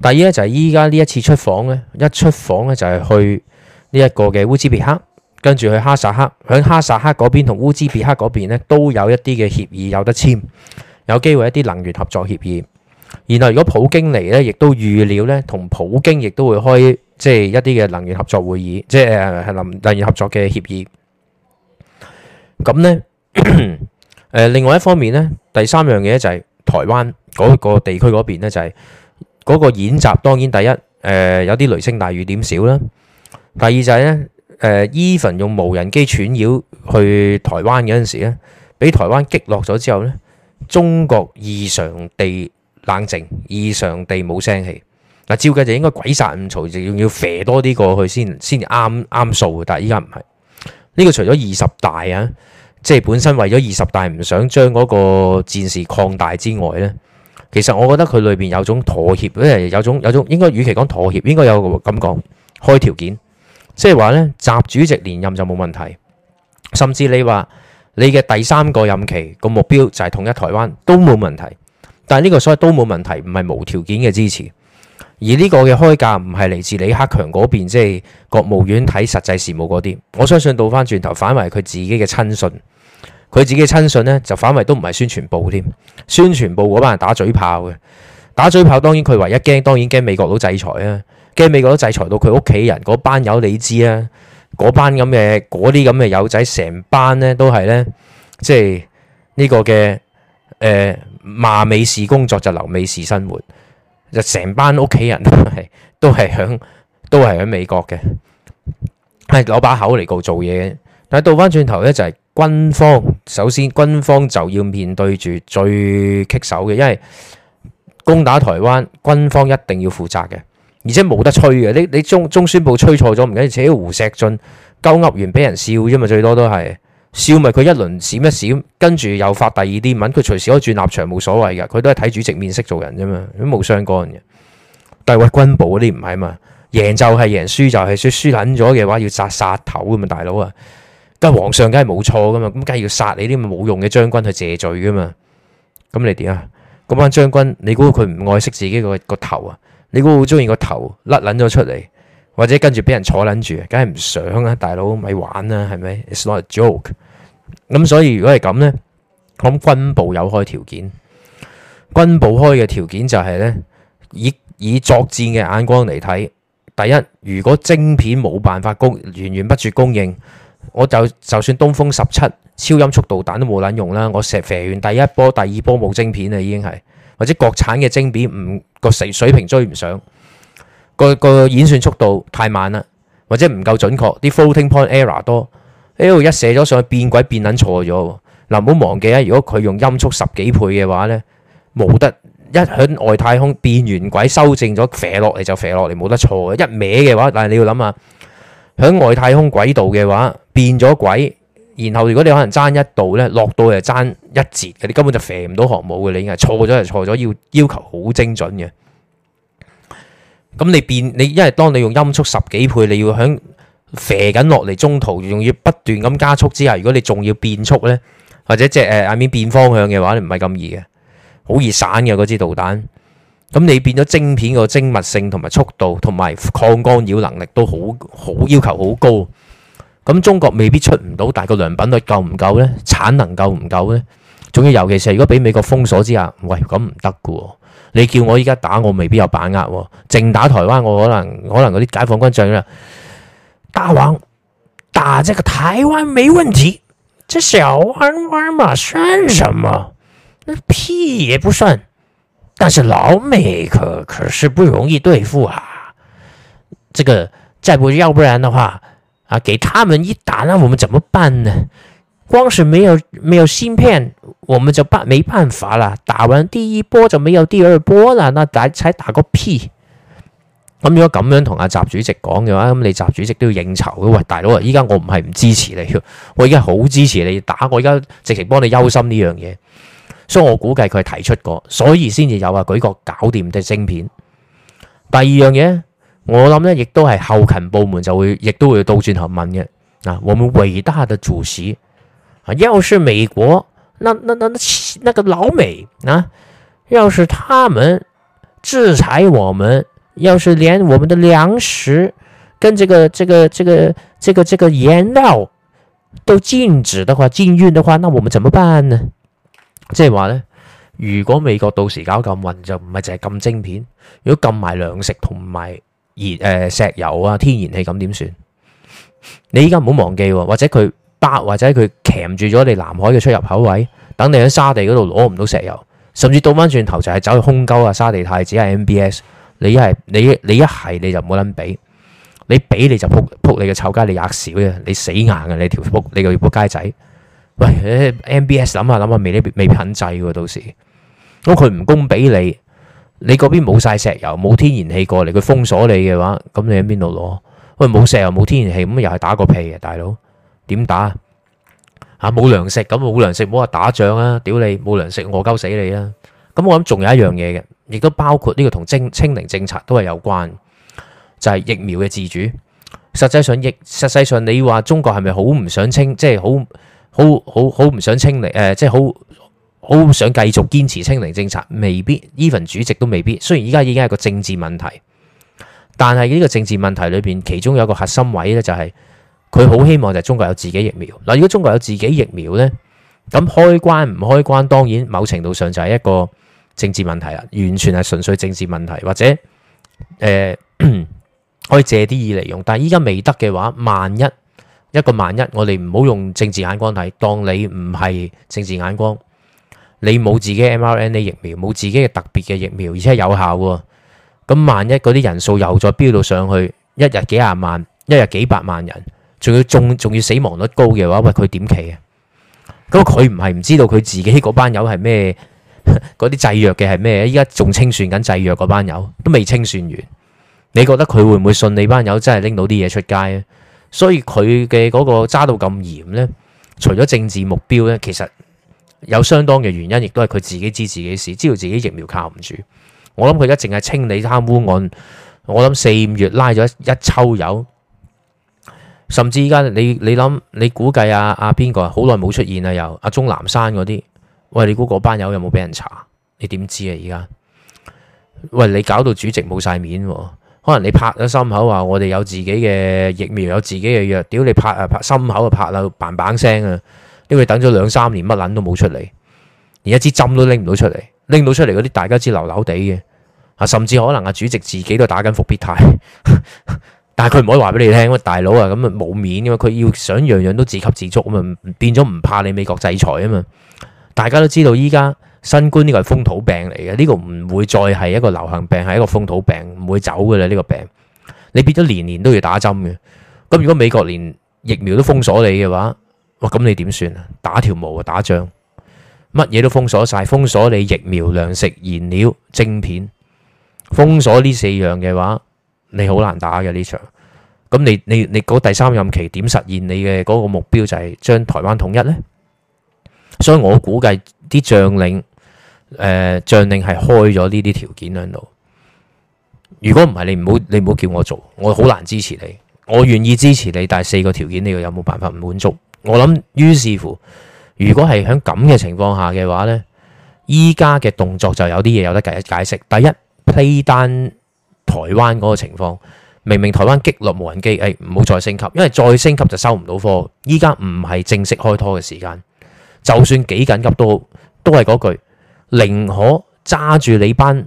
第二咧就係依家呢一次出訪咧，一出訪咧就係去呢一個嘅烏茲別克，跟住去哈薩克。喺哈薩克嗰邊同烏茲別克嗰邊咧都有一啲嘅協議有得簽，有機會有一啲能源合作協議。然後如果普京嚟咧，亦都預料咧，同普京亦都會開即係一啲嘅能源合作會議，即係能源合作嘅協議。咁咧，誒 另外一方面咧，第三樣嘢就係台灣嗰個地區嗰邊咧就係、是。嗰個演習當然第一，誒、呃、有啲雷聲大雨點小啦。第二就係咧，誒、呃、Even 用無人機串擾去台灣嗰陣時咧，俾台灣擊落咗之後咧，中國異常地冷靜，異常地冇聲氣。嗱、啊，照計就應該鬼殺咁嘈，仲要射多啲過去先先啱啱數嘅。但係依家唔係。呢、呢個除咗二十大啊，即係本身為咗二十大唔想將嗰個戰事擴大之外咧。其實我覺得佢裏邊有種妥協。咧有種有種應該與其講妥協，應該有咁講開條件，即係話呢，習主席連任就冇問題，甚至你話你嘅第三個任期個目標就係統一台灣都冇問題，但係呢個所謂都冇問題唔係無條件嘅支持，而呢個嘅開價唔係嚟自李克強嗰邊，即係國務院睇實際事務嗰啲，我相信倒返轉頭反為佢自己嘅親信。佢自己嘅親信咧，就反為都唔係宣傳部添，宣傳部嗰班人打嘴炮嘅，打嘴炮當然佢唯一驚，當然驚美國佬制裁啊，驚美國佬制裁到佢屋企人嗰班友你知啊，嗰班咁嘅嗰啲咁嘅友仔，成班咧都係咧，即係呢、這個嘅誒、呃，罵美事工作就是、留美事生活，就成班屋企人都係都係響都係響美國嘅，係攞把口嚟度做嘢，嘅。但係倒翻轉頭咧就係、是。軍方首先，軍方就要面對住最棘手嘅，因為攻打台灣，軍方一定要負責嘅，而且冇得吹嘅。你你中中宣部吹錯咗唔緊要，而且胡錫進鳩噏完俾人笑啫嘛，最多都係笑咪佢一輪閃一閃，跟住又發第二啲文，佢隨時可以轉立場，冇所謂㗎，佢都係睇主席面色做人啫嘛，都冇相干嘅。但係軍部嗰啲唔係嘛，贏就係贏，輸就係輸，輸撚咗嘅話要殺殺頭咁嘛，大佬啊！梗係皇上，梗係冇錯噶嘛？咁梗係要殺你啲冇用嘅將軍去謝罪噶嘛？咁你點啊？嗰班將軍，你估佢唔愛惜自己個個頭啊？你估好中意個頭甩撚咗出嚟，或者跟住俾人坐撚住，梗係唔想啊！大佬咪玩啦，啊，係咪？It's not a joke。咁所以如果係咁呢，咁軍部有開條件，軍部開嘅條件就係、係、呢，以以作戰嘅眼光嚟睇，第一如果晶片冇辦法供源源不絕供應。我就就算東風十七超音速導彈都冇撚用啦！我射肥完第一波，第二波冇晶片啦，已經係或者國產嘅晶片唔，個水水平追唔上，個個演算速度太慢啦，或者唔夠準確，啲 floating point error 多，呢度一射咗上去變鬼變捻錯咗。嗱唔好忘記啊，如果佢用音速十幾倍嘅話咧，冇得一響外太空變完軌，修正咗，射落嚟就射落嚟，冇得錯嘅。一歪嘅話，但係你要諗下。喺外太空軌道嘅話，變咗軌，然後如果你可能爭一度咧，落到又爭一截，你根本就飛唔到航母嘅，你應該錯咗就錯咗，要要求好精準嘅。咁你變你，因為當你用音速十幾倍，你要響飛緊落嚟，中途仲要不斷咁加速之下，如果你仲要變速咧，或者即係誒眼邊變方向嘅話，你唔係咁易嘅，好易散嘅嗰支導彈。咁你變咗晶片個精密性同埋速度同埋抗干擾能力都好好，要求好高，咁中國未必出唔到，但個良品率夠唔夠呢？產能夠唔夠呢？仲要尤其是如果俾美國封鎖之下，喂咁唔得嘅喎，你叫我依家打我未必有把握喎，啊，淨打台灣我可能可能嗰啲解放軍將領，大王打這個台灣沒問題，這小灣灣嘛算什麼？屁也不算。但是老美可可是不容易對付啊！這個再不要不然的話啊，給他們一打，啊，那我們怎麼辦呢？光是沒有沒有芯片，我們就辦沒辦法啦。打完第一波就沒有第二波啦，那再再打個屁。咁、嗯、如果咁樣同阿習主席講嘅話，咁你習主席都要應酬嘅。喂，大佬，依家我唔係唔支持你，我依家好支持你打。我依家直情幫你憂心呢樣嘢。所以我估計佢提出過，所以先至有話，舉國搞掂嘅晶片。第二樣嘢，我諗咧，亦都係後勤部門就會亦都會倒轉去問嘅。啊，我們偉大的主席啊，要是美國，那那那那那個老美啊，要是他們制裁我們，要是連我們的糧食跟這個、這個、這個、這個、這個、這個、這個、燃料都禁止的話、禁運的話，那我們怎麼辦呢？即係話咧，如果美國到時搞禁運，就唔係淨係禁晶片，如果禁埋糧食同埋熱誒石油啊、天然氣咁點算？你依家唔好忘記，或者佢霸或者佢夾住咗你南海嘅出入口位，等你喺沙地嗰度攞唔到石油，甚至倒翻轉頭就係走去空溝啊、沙地太子啊、MBS，你一係你你一係你就冇撚俾，你俾你就撲撲你嘅臭街，你壓少啫，你死硬嘅你條撲你個撲街仔。喂，MBS 諗下諗下，未呢未肯制喎。到時咁佢唔供俾你，你嗰邊冇晒石油、冇天然氣過嚟，佢封鎖你嘅話，咁你喺邊度攞？喂，冇石油、冇天然氣，咁又係打個屁啊，大佬點打啊？冇糧食咁冇糧食，冇話打仗啊？屌你冇糧食，餓鳩死你啦，啊！咁我諗仲有一樣嘢嘅，亦都包括呢個同清清零政策都係有關，就係、是、疫苗嘅自主。實際上疫，實際上你話中國係咪好唔想清？即係好。好好好唔想清零，誒、呃，即係好好想繼續堅持清零政策，未必，even 主席都未必。雖然依家已經係個政治問題，但係呢個政治問題裏邊，其中有個核心位咧，就係佢好希望就係中國有自己疫苗。嗱，如果中國有自己疫苗咧，咁開關唔開關，當然某程度上就係一個政治問題啦，完全係純粹政治問題，或者誒、呃、可以借啲意嚟用。但係依家未得嘅話，萬一。一個萬一，我哋唔好用政治眼光睇。當你唔係政治眼光，你冇自己 mRNA 疫苗，冇自己嘅特別嘅疫苗，而且有效喎。咁萬一嗰啲人數又再飆到上去，一日幾廿萬，一日幾百萬人，仲要中仲要死亡率高嘅話，喂，佢點企啊？咁佢唔係唔知道佢自己嗰班友係咩？嗰 啲製藥嘅係咩？依家仲清算緊製藥嗰班友，都未清算完。你覺得佢會唔會信你班友真係拎到啲嘢出街咧？所以佢嘅嗰個揸到咁嚴呢，除咗政治目標呢，其實有相當嘅原因，亦都係佢自己知自己事，知道自己疫苗靠唔住。我諗佢而家淨係清理貪污案，我諗四五月拉咗一抽友，甚至依家你你諗你估計啊阿邊、啊、個啊好耐冇出現啦又阿、啊、鍾南山嗰啲，喂你估嗰班友有冇俾人查？你點知啊？而家喂你搞到主席冇晒面喎、啊！可能你拍咗心口話，我哋有自己嘅疫苗，有自己嘅藥，屌你拍啊拍心口就拍到嘭嘭聲啊，因為等咗兩三年乜捻都冇出嚟，連一支針都拎唔到出嚟，拎到出嚟嗰啲大家知流流地嘅，啊甚至可能阿主席自己都打緊伏必泰， 但係佢唔可以話俾你聽，喂大佬啊咁啊冇面啊嘛，佢要想樣樣都自給自足啊嘛，變咗唔怕你美國制裁啊嘛，大家都知道依家。新冠呢個係風土病嚟嘅，呢個唔會再係一個流行病，係一個風土病，唔會走㗎喇。呢個病你變咗年年都要打針嘅。咁如果美國連疫苗都封鎖你嘅話，哇，咁你點算啊？打條毛啊，打仗，乜嘢都封鎖晒，封鎖你疫苗、糧食、燃料、晶片，封鎖呢四樣嘅話，你好難打嘅呢場。咁你你你嗰第三任期點實現你嘅嗰個目標就係將台灣統一呢？所以我估計啲將領。誒，將、呃、領係開咗呢啲條件喺度。如果唔係，你唔好你唔好叫我做，我好難支持你。我願意支持你，但係四個條件，你又有冇辦法滿足？我諗，於是乎，如果係喺咁嘅情況下嘅話呢，依家嘅動作就有啲嘢有得解解釋。第一，play 單台灣嗰個情況，明明台灣擊落無人機，誒唔好再升級，因為再升級就收唔到貨。依家唔係正式開拖嘅時間，就算幾緊急都好都係嗰句。寧可揸住你班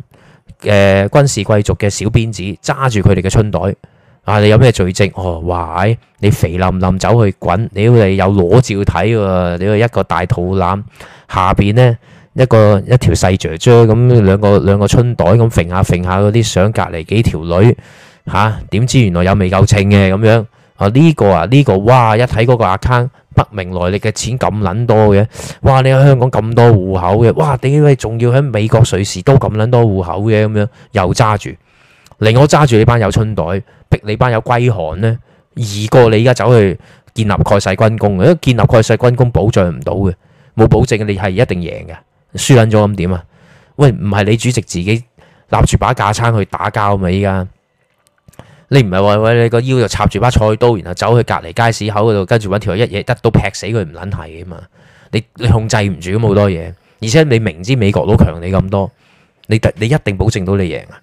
嘅軍事貴族嘅小辮子，揸住佢哋嘅春袋。啊，你有咩罪證？哦，哇你肥腍腍走去滾，你要你有裸照睇喎！你要一個大肚腩下邊呢，一個一條細啫啫咁，兩個兩個春袋咁揈下揈下嗰啲相，隔離幾條女嚇？點、啊、知原來有未夠稱嘅咁樣？啊呢個啊呢個，哇！一睇嗰個 account。不明來歷嘅錢咁撚多嘅，哇！你喺香港咁多戶口嘅，哇！點解仲要喺美國瑞士都咁撚多戶口嘅咁樣？又揸住令，我揸住你班有春袋，逼你班有龜寒呢？二個，你而家走去建立蓋世軍功嘅，因為建立蓋世軍功保障唔到嘅，冇保證你係一定贏嘅，輸撚咗咁點啊？喂，唔係你主席自己立住把架撐去打交嘛？依家？你唔係話，喂，你個腰就插住把菜刀，然後走去隔籬街市口嗰度，跟住搵條一嘢一刀劈死佢唔撚係嘅嘛？你你控制唔住咁好多嘢，而且你明知美國佬強你咁多，你你一定保證到你贏啊！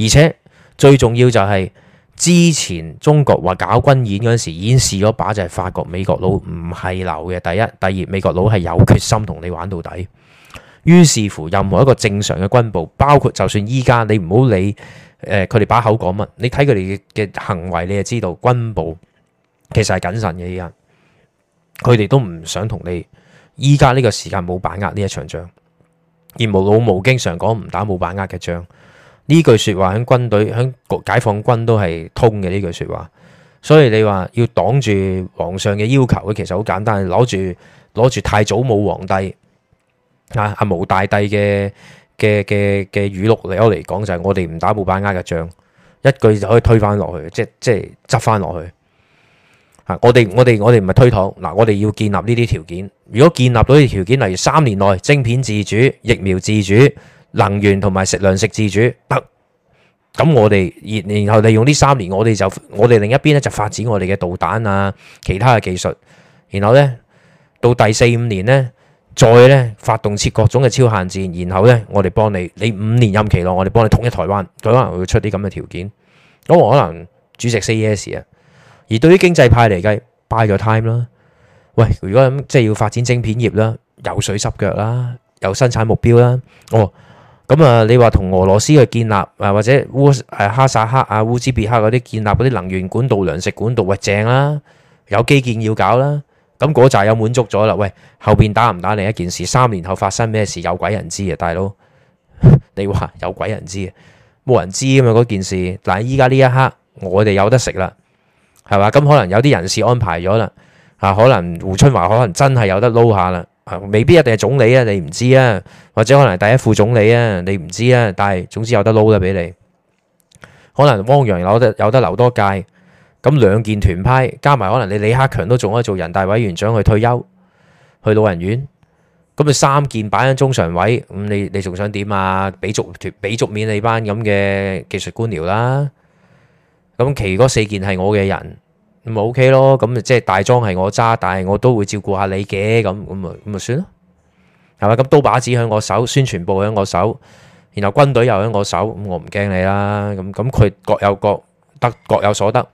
而且最重要就係之前中國話搞軍演嗰陣時，演示咗把就係發覺美國佬唔係流嘅，第一、第二，美國佬係有決心同你玩到底。於是乎，任何一個正常嘅軍部，包括就算依家你唔好理。誒，佢哋把口講乜？你睇佢哋嘅行為，你就知道軍部其實係謹慎嘅，依家，佢哋都唔想同你依家呢個時間冇把握呢一場仗。而毛老毛經常講唔打冇把握嘅仗，呢句說話喺軍隊、喺解放軍都係通嘅呢句說話。所以你話要擋住皇上嘅要求，其實好簡單，攞住攞住太祖武皇帝啊阿、啊、毛大帝嘅嘅嘅嘅語錄嚟講，就係我哋唔打冇把握嘅仗，一句就可以推翻落去，即即執翻落去。啊！我哋我哋我哋唔係推搪嗱，我哋要建立呢啲條件。如果建立到啲條件，例如三年內晶片自主、疫苗自主、能源同埋食糧食自主，得咁我哋然然後利用呢三年我，我哋就我哋另一邊咧就發展我哋嘅導彈啊，其他嘅技術。然後咧到第四五年咧。再咧發動設各種嘅超限戰，然後咧我哋幫你，你五年任期內我哋幫你統一台灣，佢可能會出啲咁嘅條件。咁、哦、可能主席 say yes 啊，而對於經濟派嚟計，buy 咗 time 啦。喂，如果咁即係要發展晶片業啦，有水濕腳啦，有生產目標啦。哦，咁、嗯、啊、嗯，你話同俄羅斯去建立誒或者烏誒哈薩克啊、烏茲別克嗰啲建立嗰啲能源管道、糧食管道，喂正啦，有基建要搞啦。咁嗰紮又滿足咗啦，喂，後邊打唔打另一件事？三年後發生咩事？有鬼人知啊，大佬！你話有鬼人知啊，冇人知啊嘛嗰件事。但嗱，依家呢一刻我哋有得食啦，係嘛？咁可能有啲人事安排咗啦，嚇、啊，可能胡春華可能真係有得撈下啦、啊，未必一定係總理啊，你唔知啊，或者可能第一副總理啊，你唔知啊。但係總之有得撈啦，俾你，可能汪洋有得有得留多屆。咁兩件團派，加埋可能你李克強都仲可以做人大委員長去退休，去老人院。咁咪三件擺喺中常委，咁你你仲想點啊？俾足團，俾足面你班咁嘅技術官僚啦。咁其餘嗰四件係我嘅人，咁咪 OK 咯。咁啊即係大莊係我揸，但係我都會照顧下你嘅。咁咁咪咁咪算啦。係咪？咁刀把子喺我手，宣傳部喺我手，然後軍隊又喺我手，咁我唔驚你啦。咁咁佢各有各得，各有所得。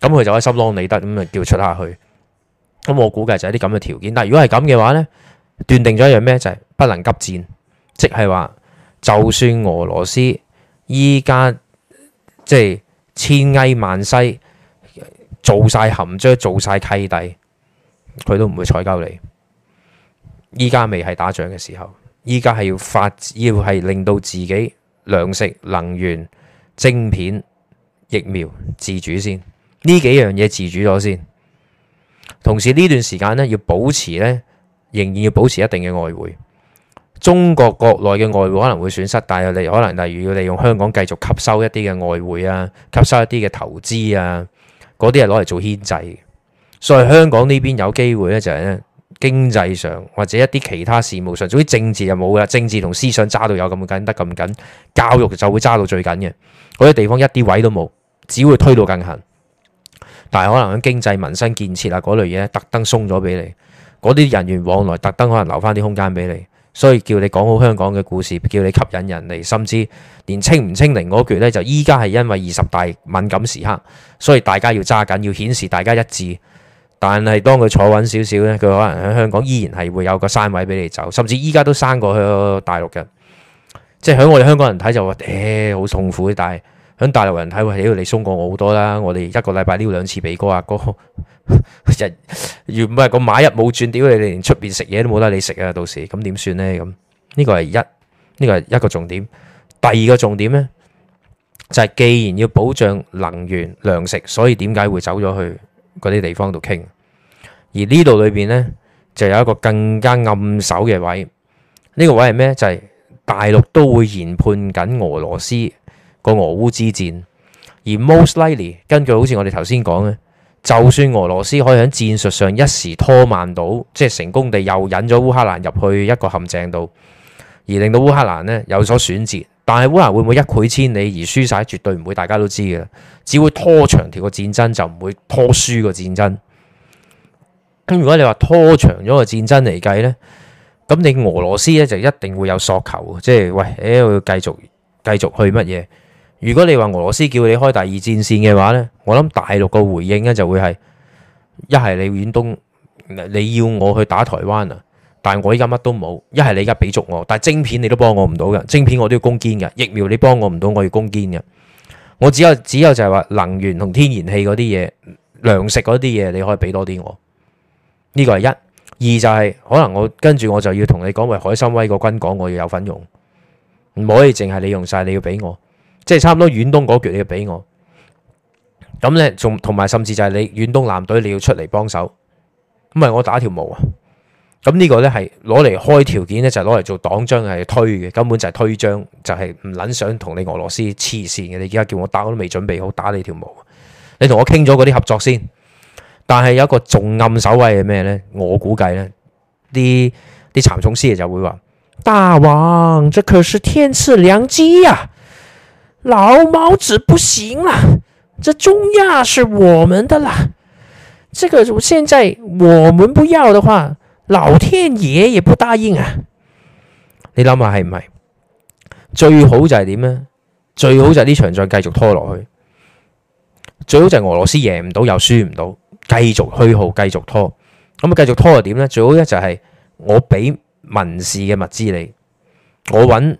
咁佢就可以心安理得咁就叫出下去。咁我估計就係啲咁嘅條件。但係如果係咁嘅話咧，斷定咗一樣咩？就係、是、不能急戰，即係話就算俄羅斯依家即係千危萬西做晒含章，做晒契弟，佢都唔會踩鳩你。依家未係打仗嘅時候，依家係要發要係令到自己糧食、能源、晶片、疫苗自主先。呢幾樣嘢自主咗先，同時呢段時間咧，要保持呢，仍然要保持一定嘅外匯。中國國內嘅外匯可能會損失，但係你可能例如要利用香港繼續吸收一啲嘅外匯啊，吸收一啲嘅投資啊，嗰啲係攞嚟做牽制。所以香港呢邊有機會呢，就係咧經濟上或者一啲其他事務上，總之政治就冇啦。政治同思想揸到有咁緊，得咁緊，教育就會揸到最緊嘅嗰啲地方一啲位都冇，只會推到更狠。但係可能喺經濟民生建設啊嗰類嘢特登鬆咗俾你，嗰啲人員往來特登可能留翻啲空間俾你，所以叫你講好香港嘅故事，叫你吸引人嚟，甚至連清唔清零，嗰拳呢，就依家係因為二十大敏感時刻，所以大家要揸緊，要顯示大家一致。但係當佢坐穩少少呢，佢可能喺香港依然係會有個山位俾你走，甚至依家都生過去大陸嘅。即係喺我哋香港人睇就話，唉好痛苦，但係。喺大陸人睇，會係呢度你鬆過我好多啦。我哋一個禮拜都要兩次俾哥阿哥，若唔係個馬一冇轉，屌你哋連出邊食嘢都冇得你食啊！到時咁點算呢？咁呢個係一，呢個係一個重點。第二個重點呢，就係既然要保障能源糧食，所以點解會走咗去嗰啲地方度傾？而呢度裏邊呢，就有一個更加暗手嘅位。呢個位係咩？就係大陸都會研判緊俄羅斯。個俄烏之戰，而 most likely 根據好似我哋頭先講嘅，就算俄羅斯可以喺戰術上一時拖慢到，即係成功地又引咗烏克蘭入去一個陷阱度，而令到烏克蘭呢有所選擇，但係烏克蘭會唔會一潰千里而輸晒？絕對唔會，大家都知嘅，只會拖長條個戰爭，就唔會拖輸個戰爭。咁如果你話拖長咗個戰爭嚟計呢，咁你俄羅斯呢就一定會有索求，即係喂，我要繼續繼續去乜嘢？如果你話俄羅斯叫你開第二戰線嘅話呢，我諗大陸嘅回應呢就會係，一係你遠東你要我去打台灣啊，但係我依家乜都冇，一係你而家俾足我，但係晶片你都幫我唔到嘅，晶片我都要攻堅嘅，疫苗你幫我唔到，我要攻堅嘅。我只有只有就係話能源同天然氣嗰啲嘢，糧食嗰啲嘢，你可以俾多啲我。呢、這個係一，二就係、是、可能我跟住我就要同你講，為海參崴個軍港我要有份用，唔可以淨係你用晒，你要俾我。即係差唔多遠東嗰局你要俾我，咁咧仲同埋甚至就係你遠東艦隊你要出嚟幫手，唔係我打條毛啊！咁呢個咧係攞嚟開條件咧，就攞、是、嚟做黨章係推嘅，根本就係推章，就係唔捻想同你俄羅斯黐線嘅。你而家叫我打我都未準備好打你條毛、啊，你同我傾咗嗰啲合作先。但係有一個重暗手位係咩咧？我估計咧，啲啲蠶蟲師爺就會話：大王，這可是天賜良機啊。」老毛子不行啦，這中亞是我們的啦，這個如果現在我們不要的話，老天爺也不答應啊。你諗下係唔係？最好就係點呢？最好就係呢場仗繼續拖落去，最好就係俄羅斯贏唔到又輸唔到，繼續虛耗，繼續拖。咁啊，繼續拖就點呢？最好咧就係我俾民事嘅物資你，我搵。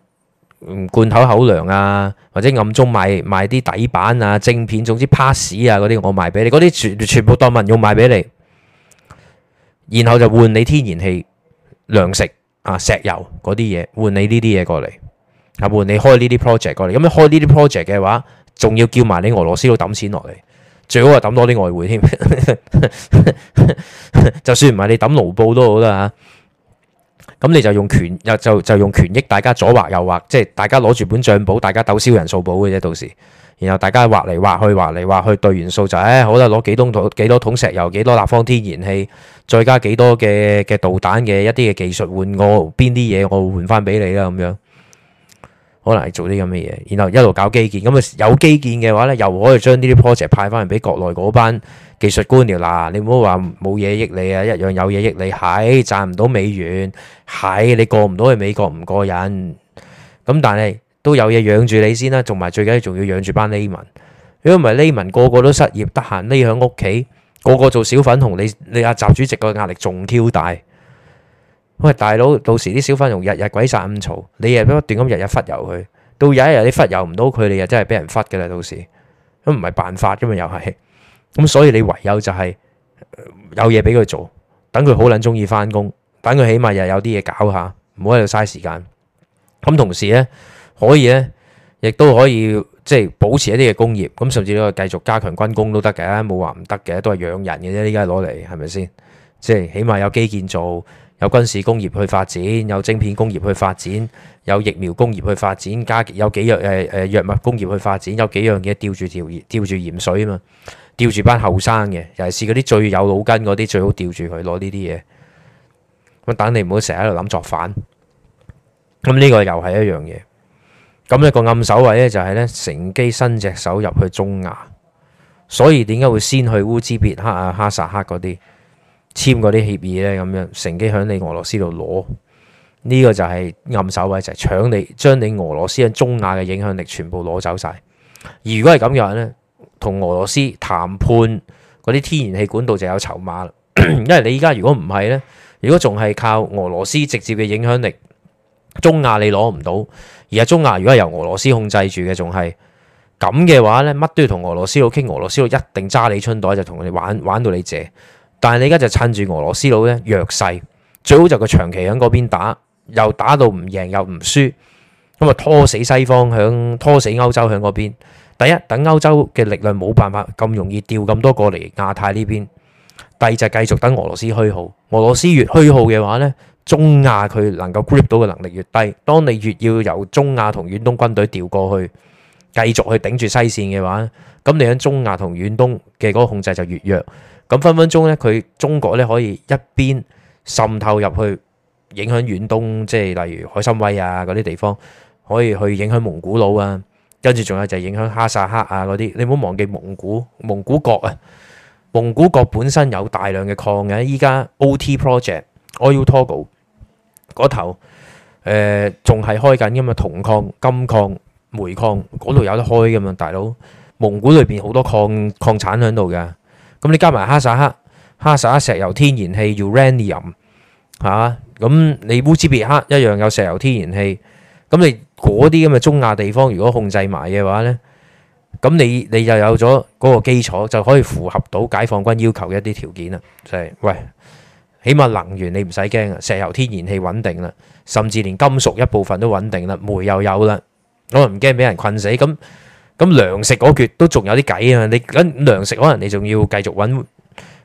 罐頭口糧啊，或者暗中賣賣啲底板啊、晶片，總之 pass 啊嗰啲，我賣俾你，嗰啲全全部當民用賣俾你，然後就換你天然氣、糧食啊、石油嗰啲嘢，換你呢啲嘢過嚟，啊換你開呢啲 project 過嚟，咁樣開呢啲 project 嘅話，仲要叫埋你俄羅斯佬抌錢落嚟，最好係抌多啲外匯添， 就算唔係你抌盧布都好啦吓。啊咁你就用權又就就用權益，大家左劃右劃，即係大家攞住本帳簿，大家鬥燒人數簿嘅啫。到時，然後大家劃嚟劃去，劃嚟劃去對完數就是，唉，好啦，攞幾多桶幾多桶石油，幾多立方天然氣，再加幾多嘅嘅導彈嘅一啲嘅技術換我邊啲嘢，我換翻俾你啦咁樣，可能係做啲咁嘅嘢，然後一路搞基建，咁啊有基建嘅話咧，又可以將呢啲 project 派翻嚟俾國內嗰班。技術官僚嗱，你唔好話冇嘢益你啊，一樣有嘢益你，係賺唔到美元，係、哎、你過唔到去美國唔過癮。咁但係都有嘢養住你先啦，仲埋最緊要仲要養住班 layman。如果唔係 layman 個個都失業，得閒匿響屋企，個個做小粉紅，你你阿習主席個壓力仲超大。喂大佬，到時啲小粉紅日日鬼殺咁嘈，你又不斷咁日日忽悠佢，到有一日你忽悠唔到佢，你又真係俾人忽噶啦。到時都唔係辦法噶嘛，又係。咁所以你唯有就係有嘢俾佢做，等佢好撚中意返工，等佢起碼又有啲嘢搞下，唔好喺度嘥時間。咁同時咧，可以咧，亦都可以即係保持一啲嘅工業，咁甚至你可繼續加強軍工都得嘅，冇話唔得嘅，都係養人嘅啫。依家攞嚟係咪先？即係起碼有基建做，有軍事工業去發展，有晶片工業去發展，有疫苗工業去發展，加有幾樣誒誒藥物工業去發展，有幾樣嘢吊住鹽吊住鹽水啊嘛～吊住班後生嘅，尤其是嗰啲最有腦筋嗰啲，最好吊住佢攞呢啲嘢。咁等你唔好成日喺度諗作反。咁呢個又係一樣嘢。咁、那、一個暗手位咧就係咧，乘機伸隻手入去中亞。所以點解會先去烏茲別克啊、哈薩克嗰啲簽嗰啲協議咧？咁樣乘機響你俄羅斯度攞呢個就係暗手位，就係、是、搶你將你俄羅斯嘅中亞嘅影響力全部攞走晒。如果係咁嘅話咧，同俄羅斯談判嗰啲天然氣管道就有籌碼啦，因為你依家如果唔係呢，如果仲係靠俄羅斯直接嘅影響力，中亞你攞唔到，而係中亞如果係由俄羅斯控制住嘅，仲係咁嘅話呢，乜都要同俄羅斯佬傾，俄羅斯佬一定揸你春袋就同你玩玩到你借，但係你而家就趁住俄羅斯佬呢弱勢，最好就佢長期喺嗰邊打，又打到唔贏又唔輸，咁啊拖死西方響，拖死歐洲響嗰邊。第一，等歐洲嘅力量冇辦法咁容易調咁多過嚟亞太呢邊；第二就係繼續等俄羅斯虛耗，俄羅斯越虛耗嘅話呢，中亞佢能夠 grip 到嘅能力越低。當你越要由中亞同遠東軍隊調過去，繼續去頂住西線嘅話，咁你喺中亞同遠東嘅嗰個控制就越弱。咁分分鐘呢，佢中國呢可以一邊滲透入去影響遠東，即係例如海參崴啊嗰啲地方，可以去影響蒙古佬啊。跟住仲有就係影響哈薩克啊嗰啲，你唔好忘記蒙古蒙古國啊，蒙古國本身有大量嘅礦嘅，依家 OT Project，Oyu Tolgoi 嗰頭，誒仲係開緊㗎嘛。銅礦、金礦、煤礦嗰度有得開噶嘛，大佬，蒙古裏邊好多礦礦產喺度㗎，咁你加埋哈薩克、哈薩克石油、天然氣、Uranium 嚇、啊，咁你烏茲別克一樣有石油、天然氣。咁你嗰啲咁嘅中亞地方，如果控制埋嘅話呢，咁你你就有咗嗰個基礎，就可以符合到解放軍要求嘅一啲條件啦。就係喂，起碼能源你唔使驚啊，石油、天然氣穩定啦，甚至連金屬一部分都穩定啦，煤又有啦，我唔驚俾人困死。咁咁糧食嗰橛都仲有啲計啊，你跟糧食可能你仲要繼續揾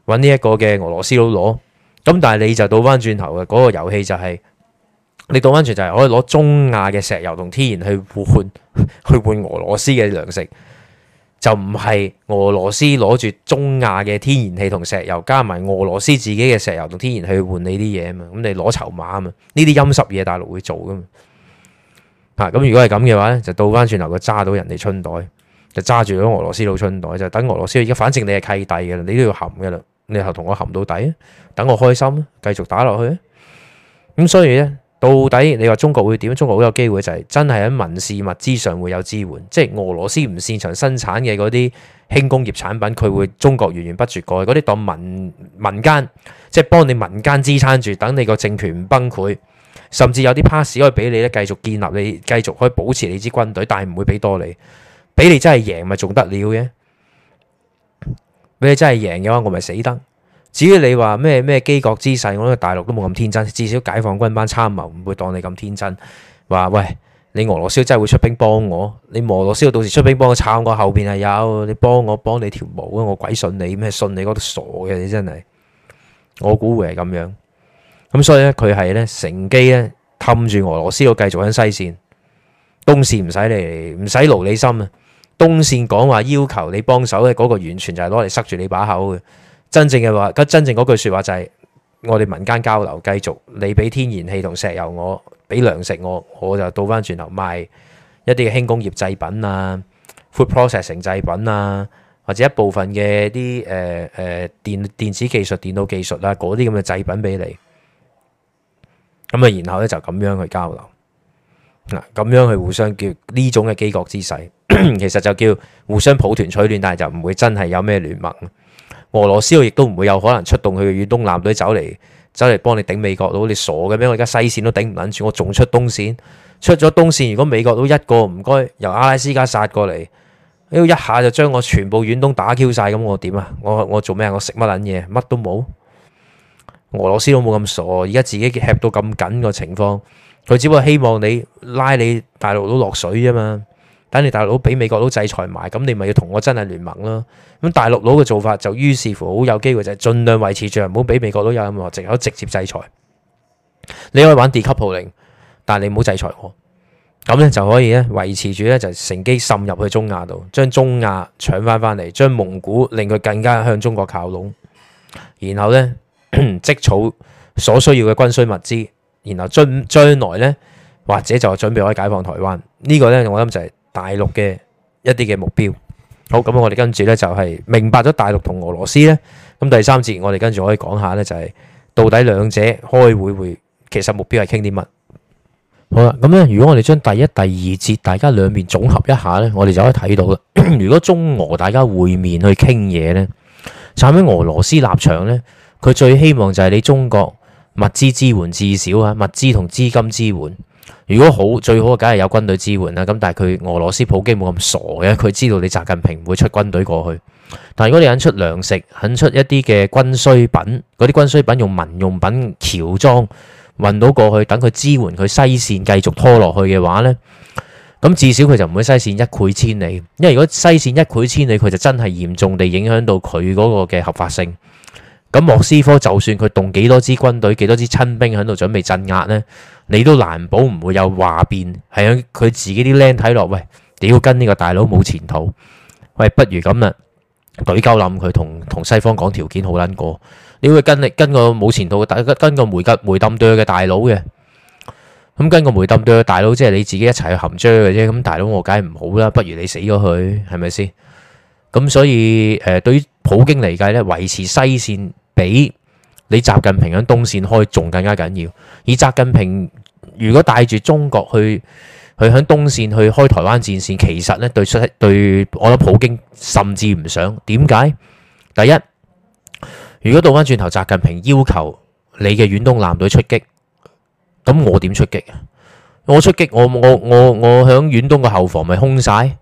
揾呢一個嘅俄羅斯佬攞。咁但係你就倒翻轉頭嘅嗰個遊戲就係。你倒翻轉就係可以攞中亞嘅石油同天然氣去換 去換俄羅斯嘅糧食，就唔係俄羅斯攞住中亞嘅天然氣同石油加埋俄羅斯自己嘅石油同天然氣去換你啲嘢啊嘛。咁、嗯、你攞籌碼啊嘛，呢啲陰濕嘢大陸會做噶嘛啊。咁如果係咁嘅話咧，就倒翻轉頭，佢揸到,到人哋春袋，就揸住咗俄羅斯佬春袋，就等俄羅斯而家。反正你係契弟噶啦，你都要含噶啦，你係同我含到底，等我開心，繼續打落去。咁所以咧。到底你話中國會點？中國好有機會就係真係喺民事物資上會有支援，即係俄羅斯唔擅長生產嘅嗰啲輕工業產品，佢會中國源源不絕過去。嗰啲當民民間即係幫你民間支撐住，等你個政權唔崩潰，甚至有啲 pass 可以俾你咧，繼續建立你，繼續可以保持你支軍隊，但係唔會俾多你。俾你真係贏咪仲得了嘅？俾你真係贏嘅話，我咪死得。至於你話咩咩基國之勢，我諗大陸都冇咁天真，至少解放軍班參謀唔會當你咁天真，話喂，你俄羅斯真係會出兵幫我，你俄羅斯到時出兵幫我撐我後邊係有，你幫我幫你條毛，我鬼信你咩？信你嗰度、那個、傻嘅，你真係，我估會係咁樣，咁所以呢，佢係呢乘機呢氹住俄羅斯，繼續喺西線東線唔使你，唔使勞你心啊，東線講話要求你幫手呢嗰個完全就係攞嚟塞住你把口嘅。真正嘅話，真正嗰句説話就係：我哋民間交流繼續，你俾天然氣同石油我，我俾糧食我，我就倒翻轉頭賣一啲嘅輕工業製品啊，Food Processing 製品啊，或者一部分嘅啲誒誒電電子技術、電腦技術啊嗰啲咁嘅製品俾你。咁啊，然後咧就咁樣去交流，嗱，咁樣去互相叫呢種嘅掎角之勢， 其實就叫互相抱團取暖，但係就唔會真係有咩聯盟。俄羅斯我亦都唔會有可能出動佢嘅遠東艦隊走嚟走嚟幫你頂美國佬，你傻嘅咩？我而家西線都頂唔撚住，我仲出東線，出咗東線，如果美國佬一個唔該由阿拉斯加殺過嚟，妖一下就將我全部遠東打 Q 晒咁，我點啊？我我做咩啊？我食乜撚嘢？乜都冇。俄羅斯都冇咁傻，而家自己吃到咁緊個情況，佢只不過希望你拉你大陸佬落水啫嘛。等你大陸佬俾美國佬制裁埋，咁你咪要同我真係聯盟咯。咁大陸佬嘅做法就於是乎好有機會就係盡量維持住，唔好俾美國佬有任何藉口直接制裁。你可以玩 decoupling，但係你唔好制裁我。咁咧就可以咧維持住咧就乘機滲入去中亞度，將中亞搶翻翻嚟，將蒙古令佢更加向中國靠攏。然後咧 積儲所需要嘅軍需物資，然後將將來咧或者就準備可以解放台灣。這個、呢個咧我諗就係、是。大陸嘅一啲嘅目標，好，咁我哋跟住呢就係明白咗大陸同俄羅斯呢。咁第三節我哋跟住可以講下呢，就係到底兩者開會會其實目標係傾啲乜？好啦，咁咧如果我哋將第一、第二節大家兩面綜合一下呢，我哋就可以睇到啦。 如果中俄大家會面去傾嘢咧，站喺俄羅斯立場呢，佢最希望就係你中國物資支援至少啊，物資同資金支援。如果好最好嘅，梗係有軍隊支援啦。咁但係佢俄羅斯普京冇咁傻嘅，佢知道你習近平唔會出軍隊過去。但如果你肯出糧食，肯出一啲嘅軍需品，嗰啲軍需品用民用品喬裝運到過去，等佢支援佢西線繼續拖落去嘅話呢，咁至少佢就唔會西線一潰千里。因為如果西線一潰千里，佢就真係嚴重地影響到佢嗰個嘅合法性。咁莫斯科就算佢動幾多支軍隊、幾多支親兵喺度準備鎮壓咧，你都難保唔會有話變，係啊？佢自己啲靚睇落，喂，你要跟呢個大佬冇前途，喂，不如咁啦，懟鳩冧佢，同同西方講條件好撚過，你要跟你跟個冇前途嘅大跟個梅吉梅冧哚嘅大佬嘅，咁跟個梅冧哚大佬即係你自己一齊去含遮嘅啫，咁大佬我梗係唔好啦，不如你死咗佢，係咪先？咁所以誒，對於普京嚟計咧，維持西線。比你習近平響東線開仲更加緊要。而習近平如果帶住中國去去響東線去開台灣戰線，其實咧對出對，我諗普京甚至唔想。點解？第一，如果倒翻轉頭，習近平要求你嘅遠東艦隊出擊，咁我點出擊啊？我出擊，我我我我響遠東嘅後防咪空晒？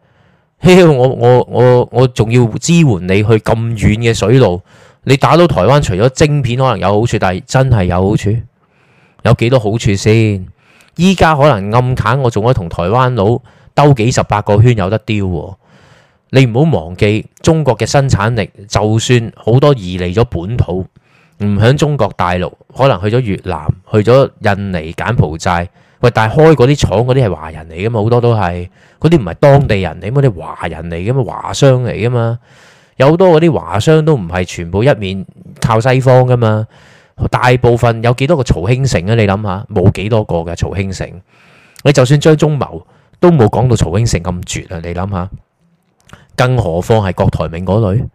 我我我我仲要支援你去咁遠嘅水路？你打到台灣，除咗晶片可能有好處，但係真係有好處，有幾多好處先？依家可能暗淡，我仲可以同台灣佬兜幾十八個圈有得丟喎、啊。你唔好忘記中國嘅生產力，就算好多移嚟咗本土，唔喺中國大陸，可能去咗越南、去咗印尼、柬埔寨。喂，但係開嗰啲廠嗰啲係華人嚟嘅嘛，好多都係嗰啲唔係當地人嚟，嗰啲華人嚟嘅嘛，華商嚟嘅嘛。有好多嗰啲華商都唔係全部一面靠西方噶嘛，大部分有幾多個曹興成啊？你諗下，冇幾多個嘅曹興成。你就算張忠謀都冇講到曹興成咁絕啊！你諗下，更何況係郭台銘嗰類，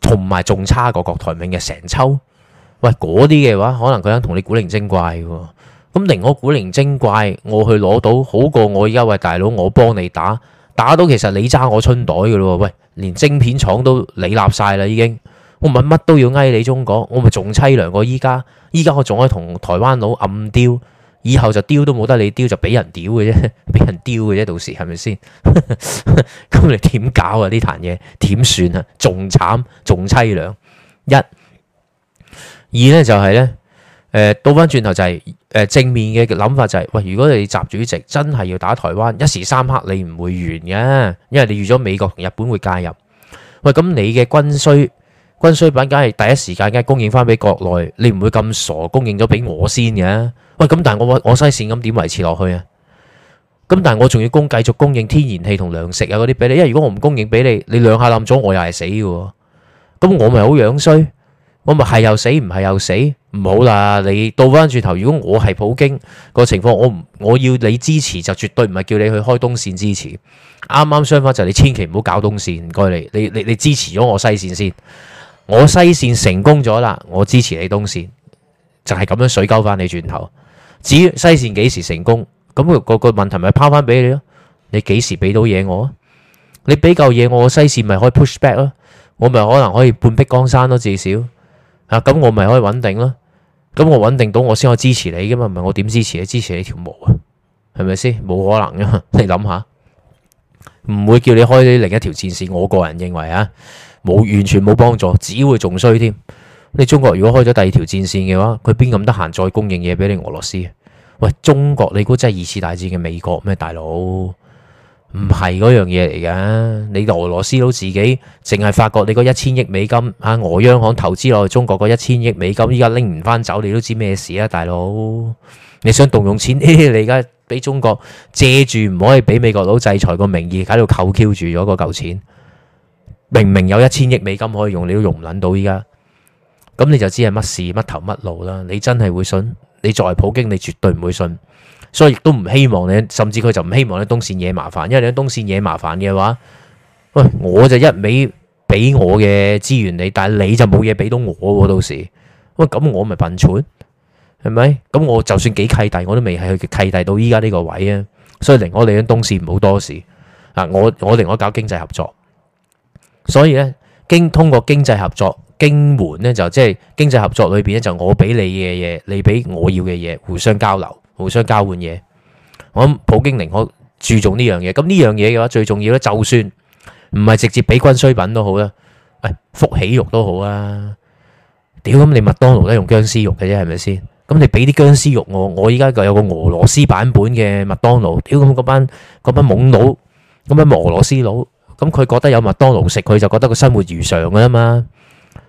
同埋仲差過郭台銘嘅成秋。喂，嗰啲嘅話，可能佢想同你古靈精怪喎。咁寧可古靈精怪，我去攞到好過我依家。喂，大佬，我幫你打。打到其實你揸我春袋嘅咯喎，喂，連晶片廠都你立晒啦已經，我唔係乜都要挨你中國，我咪仲凄涼過依家？依家我仲可以同台灣佬暗屌，以後就屌都冇得你屌，就俾人屌嘅啫，俾人屌嘅啫，到時係咪先？咁 你點搞啊？呢壇嘢點算啊？仲慘，仲凄涼。一，二咧就係咧。誒，倒翻轉頭就係，誒正面嘅諗法就係喂，如果你習主席真係要打台灣，一時三刻你唔會完嘅，因為你預咗美國同日本會介入。喂，咁你嘅軍需軍需品梗係第一時間梗係供應翻俾國內，你唔會咁傻供應咗俾我先嘅。喂，咁但係我我西線咁點維持落去啊？咁但係我仲要供繼續供應天然氣同糧食啊嗰啲俾你，因為如果我唔供應俾你，你兩下冧咗我又係死嘅喎。咁我咪好樣衰？我咪係又死，唔係又死，唔好啦。你倒翻轉頭，如果我係普京個情況，我我要你支持就絕對唔係叫你去開東線支持。啱啱相反，就你千祈唔好搞東線，唔該你，你你你支持咗我西線先。我西線成功咗啦，我支持你東線就係咁樣水溝翻你轉頭。至於西線幾時成功，咁個個個問題咪拋翻俾你咯。你幾時俾到嘢我？你俾嚿嘢我，西線咪可以 push back 咯。我咪可能可以半壁江山咯，至少。啊，咁我咪可以穩定咯？咁我穩定到我先可以支持你噶嘛？唔係我點支持？你支持你條毛啊？係咪先？冇可能噶，你諗下，唔會叫你開另一條戰線。我個人認為啊，冇完全冇幫助，只會仲衰添。你中國如果開咗第二條戰線嘅話，佢邊咁得閒再供應嘢俾你俄羅斯？喂，中國你估真係二次大戰嘅美國咩，大佬？唔係嗰樣嘢嚟噶，你俄羅斯佬自己淨係發覺你個一千億美金，啊俄央行投資落去中國個一千億美金，依家拎唔翻走，你都知咩事啊，大佬！你想動用錢， 你而家俾中國借住，唔可以俾美國佬制裁個名義喺度扣 Q 住咗嗰嚿錢，明明有一千億美金可以用，你都用唔捻到依家，咁你就知係乜事，乜頭乜路啦！你真係會信？你作為普京，你絕對唔會信。所以亦都唔希望咧，甚至佢就唔希望咧東線惹麻煩。因為咧喺東線惹麻煩嘅話，喂，我就一味俾我嘅資源你，但係你就冇嘢俾到我。到時喂咁，我咪笨喘係咪？咁我就算幾契弟，我都未係去契弟到依家呢個位啊。所以令我哋喺東線唔好多事啊。我我令我搞經濟合作，所以咧經通過經濟合作經援咧，就即係經濟合作裏邊咧就我俾你嘅嘢，你俾我要嘅嘢，互相交流。互相交換嘢，我諗普京寧可注重呢樣嘢。咁呢樣嘢嘅話，最重要咧，就算唔係直接俾軍需品都好啦，喂，福喜肉都好啊。屌咁，你麥當勞都用殭屍肉嘅啫，係咪先？咁你俾啲殭屍肉我，我依家就有個俄羅斯版本嘅麥當勞。屌咁，嗰班嗰班懵佬，咁樣俄羅斯佬，咁佢覺得有麥當勞食，佢就覺得個生活如常噶啦嘛。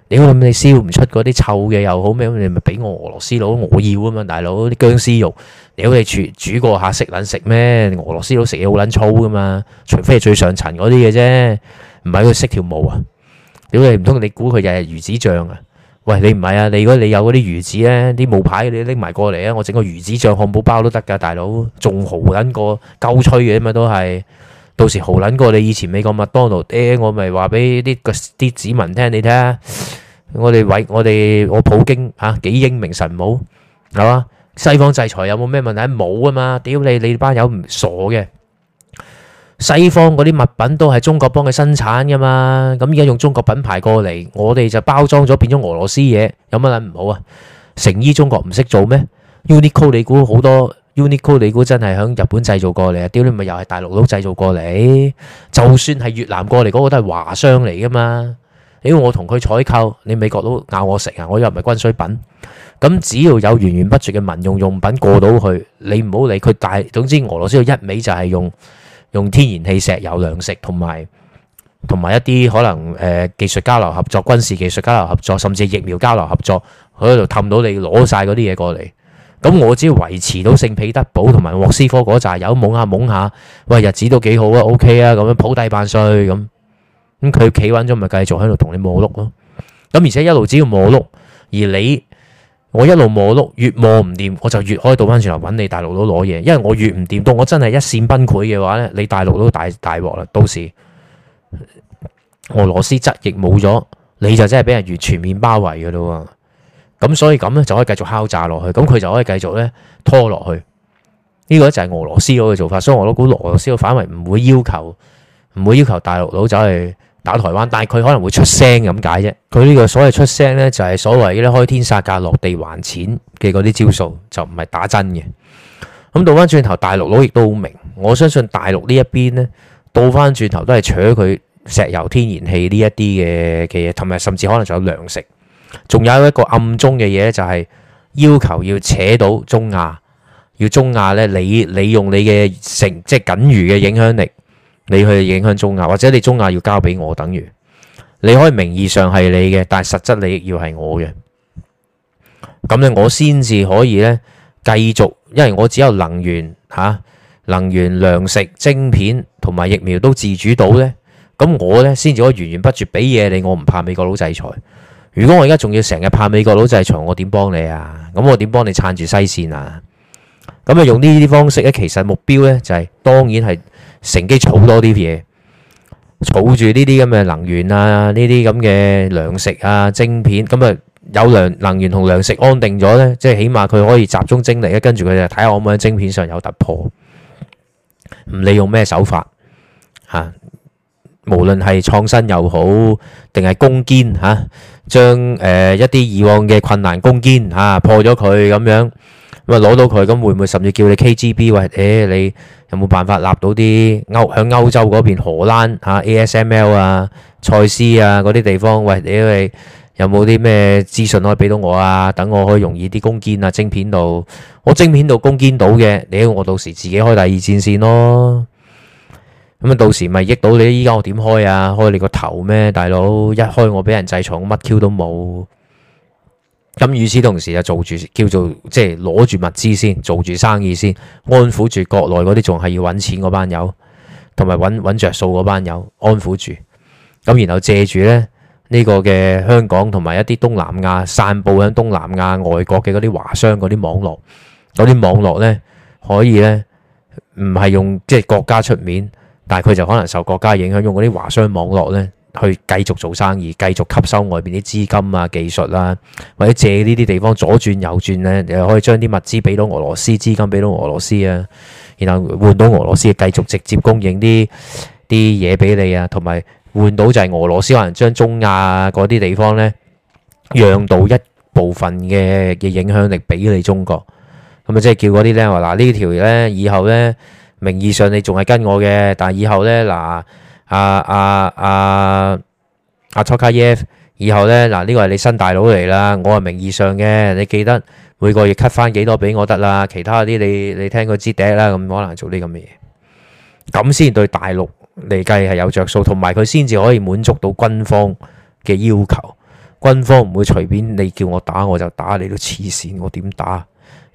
屌咁你燒唔出嗰啲臭嘅又好咩？你咪俾我俄羅斯佬我要啊嘛，大佬啲僵屍肉，屌你,你煮煮過下食撚食咩？俄羅斯佬食嘢好撚粗噶嘛，除非係最上層嗰啲嘅啫，唔係佢識條毛啊！屌你唔通你估佢日日魚子醬啊？喂你唔係啊，你如果你有嗰啲魚子咧，啲木牌你拎埋過嚟啊，我整個魚子醬漢堡包都得噶，大佬仲豪撚過鳩吹嘅嘛都係。到時豪撚過你以前美國麥當勞，誒我咪話俾啲個啲子民聽，你睇下，我哋委我哋我普京吓幾英明神武，係嘛？西方制裁有冇咩問題？冇㗎嘛，屌你你班友唔傻嘅，西方嗰啲物品都係中國幫佢生產㗎嘛，咁而家用中國品牌過嚟，我哋就包裝咗變咗俄羅斯嘢，有乜撚唔好呀？成衣中國唔識做咩？Uniqlo 你估好多？Uniqlo 你估真係喺日本製造過嚟？屌你咪又係大陸佬製造過嚟？就算係越南過嚟嗰、那個都係華商嚟噶嘛？屌、哎、我同佢採購，你美國佬咬我食啊！我又唔係軍需品，咁只要有源源不絕嘅民用用品過到去，你唔好理佢但係。總之俄羅斯一味就係用用天然氣、石油、糧食，同埋同埋一啲可能誒、呃、技術交流合作、軍事技術交流合作，甚至疫苗交流合作，佢喺度氹到你攞晒嗰啲嘢過嚟。咁我只要維持到聖彼得堡同埋莫斯科嗰扎，有懵下懵下，喂日子都幾好啊，OK 啊，咁樣普大帝扮衰咁，咁佢企穩咗咪繼續喺度同你磨碌咯。咁而且一路只要磨碌，而你我一路磨碌，越磨唔掂我就越可以倒翻轉頭揾你大陸都攞嘢，因為我越唔掂到我真係一線崩潰嘅話咧，你大陸都大大鑊啦。到時俄羅斯側翼冇咗，你就真係俾人越全面包圍噶咯。咁所以咁咧就可以繼續敲詐落去，咁佢就可以繼續咧拖落去。呢、這個就係俄羅斯嗰個做法，所以我估俄羅斯反為唔會要求唔會要求大陸佬走去打台灣，但係佢可能會出聲咁解啫。佢呢個所謂出聲呢，就係所謂咧開天殺價、落地還錢嘅嗰啲招數，就唔係打真嘅。咁倒翻轉頭，大陸佬亦都好明，我相信大陸呢一邊呢，倒翻轉頭都係取咗佢石油、天然氣呢一啲嘅嘅嘢，同埋甚至可能仲有糧食。仲有一個暗中嘅嘢就係要求要扯到中亞，要中亞咧，你利用你嘅成即係僅餘嘅影響力，你去影響中亞，或者你中亞要交俾我，等於你可以名義上係你嘅，但係實質你要係我嘅。咁咧，我先至可以咧繼續，因為我只有能源吓、啊、能源、糧食、晶片同埋疫苗都自主到咧，咁我咧先至可以源源不絕俾嘢你，我唔怕美國佬制裁。如果我而家仲要成日怕美國佬制裁，我點幫你啊？咁我點幫你撐住西線啊？咁啊用呢啲方式咧，其實目標咧就係當然係乘機儲多啲嘢，儲住呢啲咁嘅能源啊，呢啲咁嘅糧食啊，晶片。咁啊有糧能源同糧食安定咗咧，即係起碼佢可以集中精力咧，跟住佢就睇下可唔可以喺晶片上有突破，唔理用咩手法啊。無論係創新又好，定係攻堅嚇、啊，將誒、呃、一啲以往嘅困難攻堅嚇、啊、破咗佢咁樣。咁啊攞到佢，咁會唔會甚至叫你 KGB？或者你有冇辦法立到啲歐響歐洲嗰邊荷蘭嚇 ASML 啊、賽、啊、斯啊嗰啲地方？喂，你有冇啲咩資訊可以俾到我啊？等我可以容易啲攻堅啊，晶片度我晶片度攻堅到嘅，你我到時自己開第二戰線咯。咁到時咪益到你？依家我點開啊？開你個頭咩，大佬一開我俾人制裁，乜 Q 都冇。咁，與此同時就做住叫做即係攞住物資先，做住生意先，安撫住國內嗰啲，仲係要搵錢嗰班友，同埋搵搵着數嗰班友，安撫住。咁，然後借住咧呢、呢個嘅香港，同埋一啲東南亞散布喺東南亞外國嘅嗰啲華商嗰啲網絡嗰啲網絡呢，可以呢，唔係用即係、就是、國家出面。但係佢就可能受國家影響，用嗰啲華商網絡咧，去繼續做生意，繼續吸收外邊啲資金啊、技術啊，或者借呢啲地方左轉右轉咧，又可以將啲物資俾到俄羅斯，資金俾到俄羅斯啊，然後換到俄羅斯繼續直接供應啲啲嘢俾你啊，同埋換到就係俄羅斯可能將中亞嗰啲地方咧，讓到一部分嘅嘅影響力俾你中國，咁啊即係叫嗰啲咧話嗱呢條咧以後咧。名義上你仲係跟我嘅，但以後呢，嗱、啊，阿阿阿阿托卡耶夫，以後呢，嗱、啊、呢、這個係你新大佬嚟啦，我係名義上嘅，你記得每個月 cut 翻幾多俾我得啦，其他啲你你聽佢支笛啦，咁、嗯、可能做啲咁嘅嘢，咁先對大陸嚟計係有着數，同埋佢先至可以滿足到軍方嘅要求，軍方唔會隨便你叫我打我就打，你都黐線，我點打？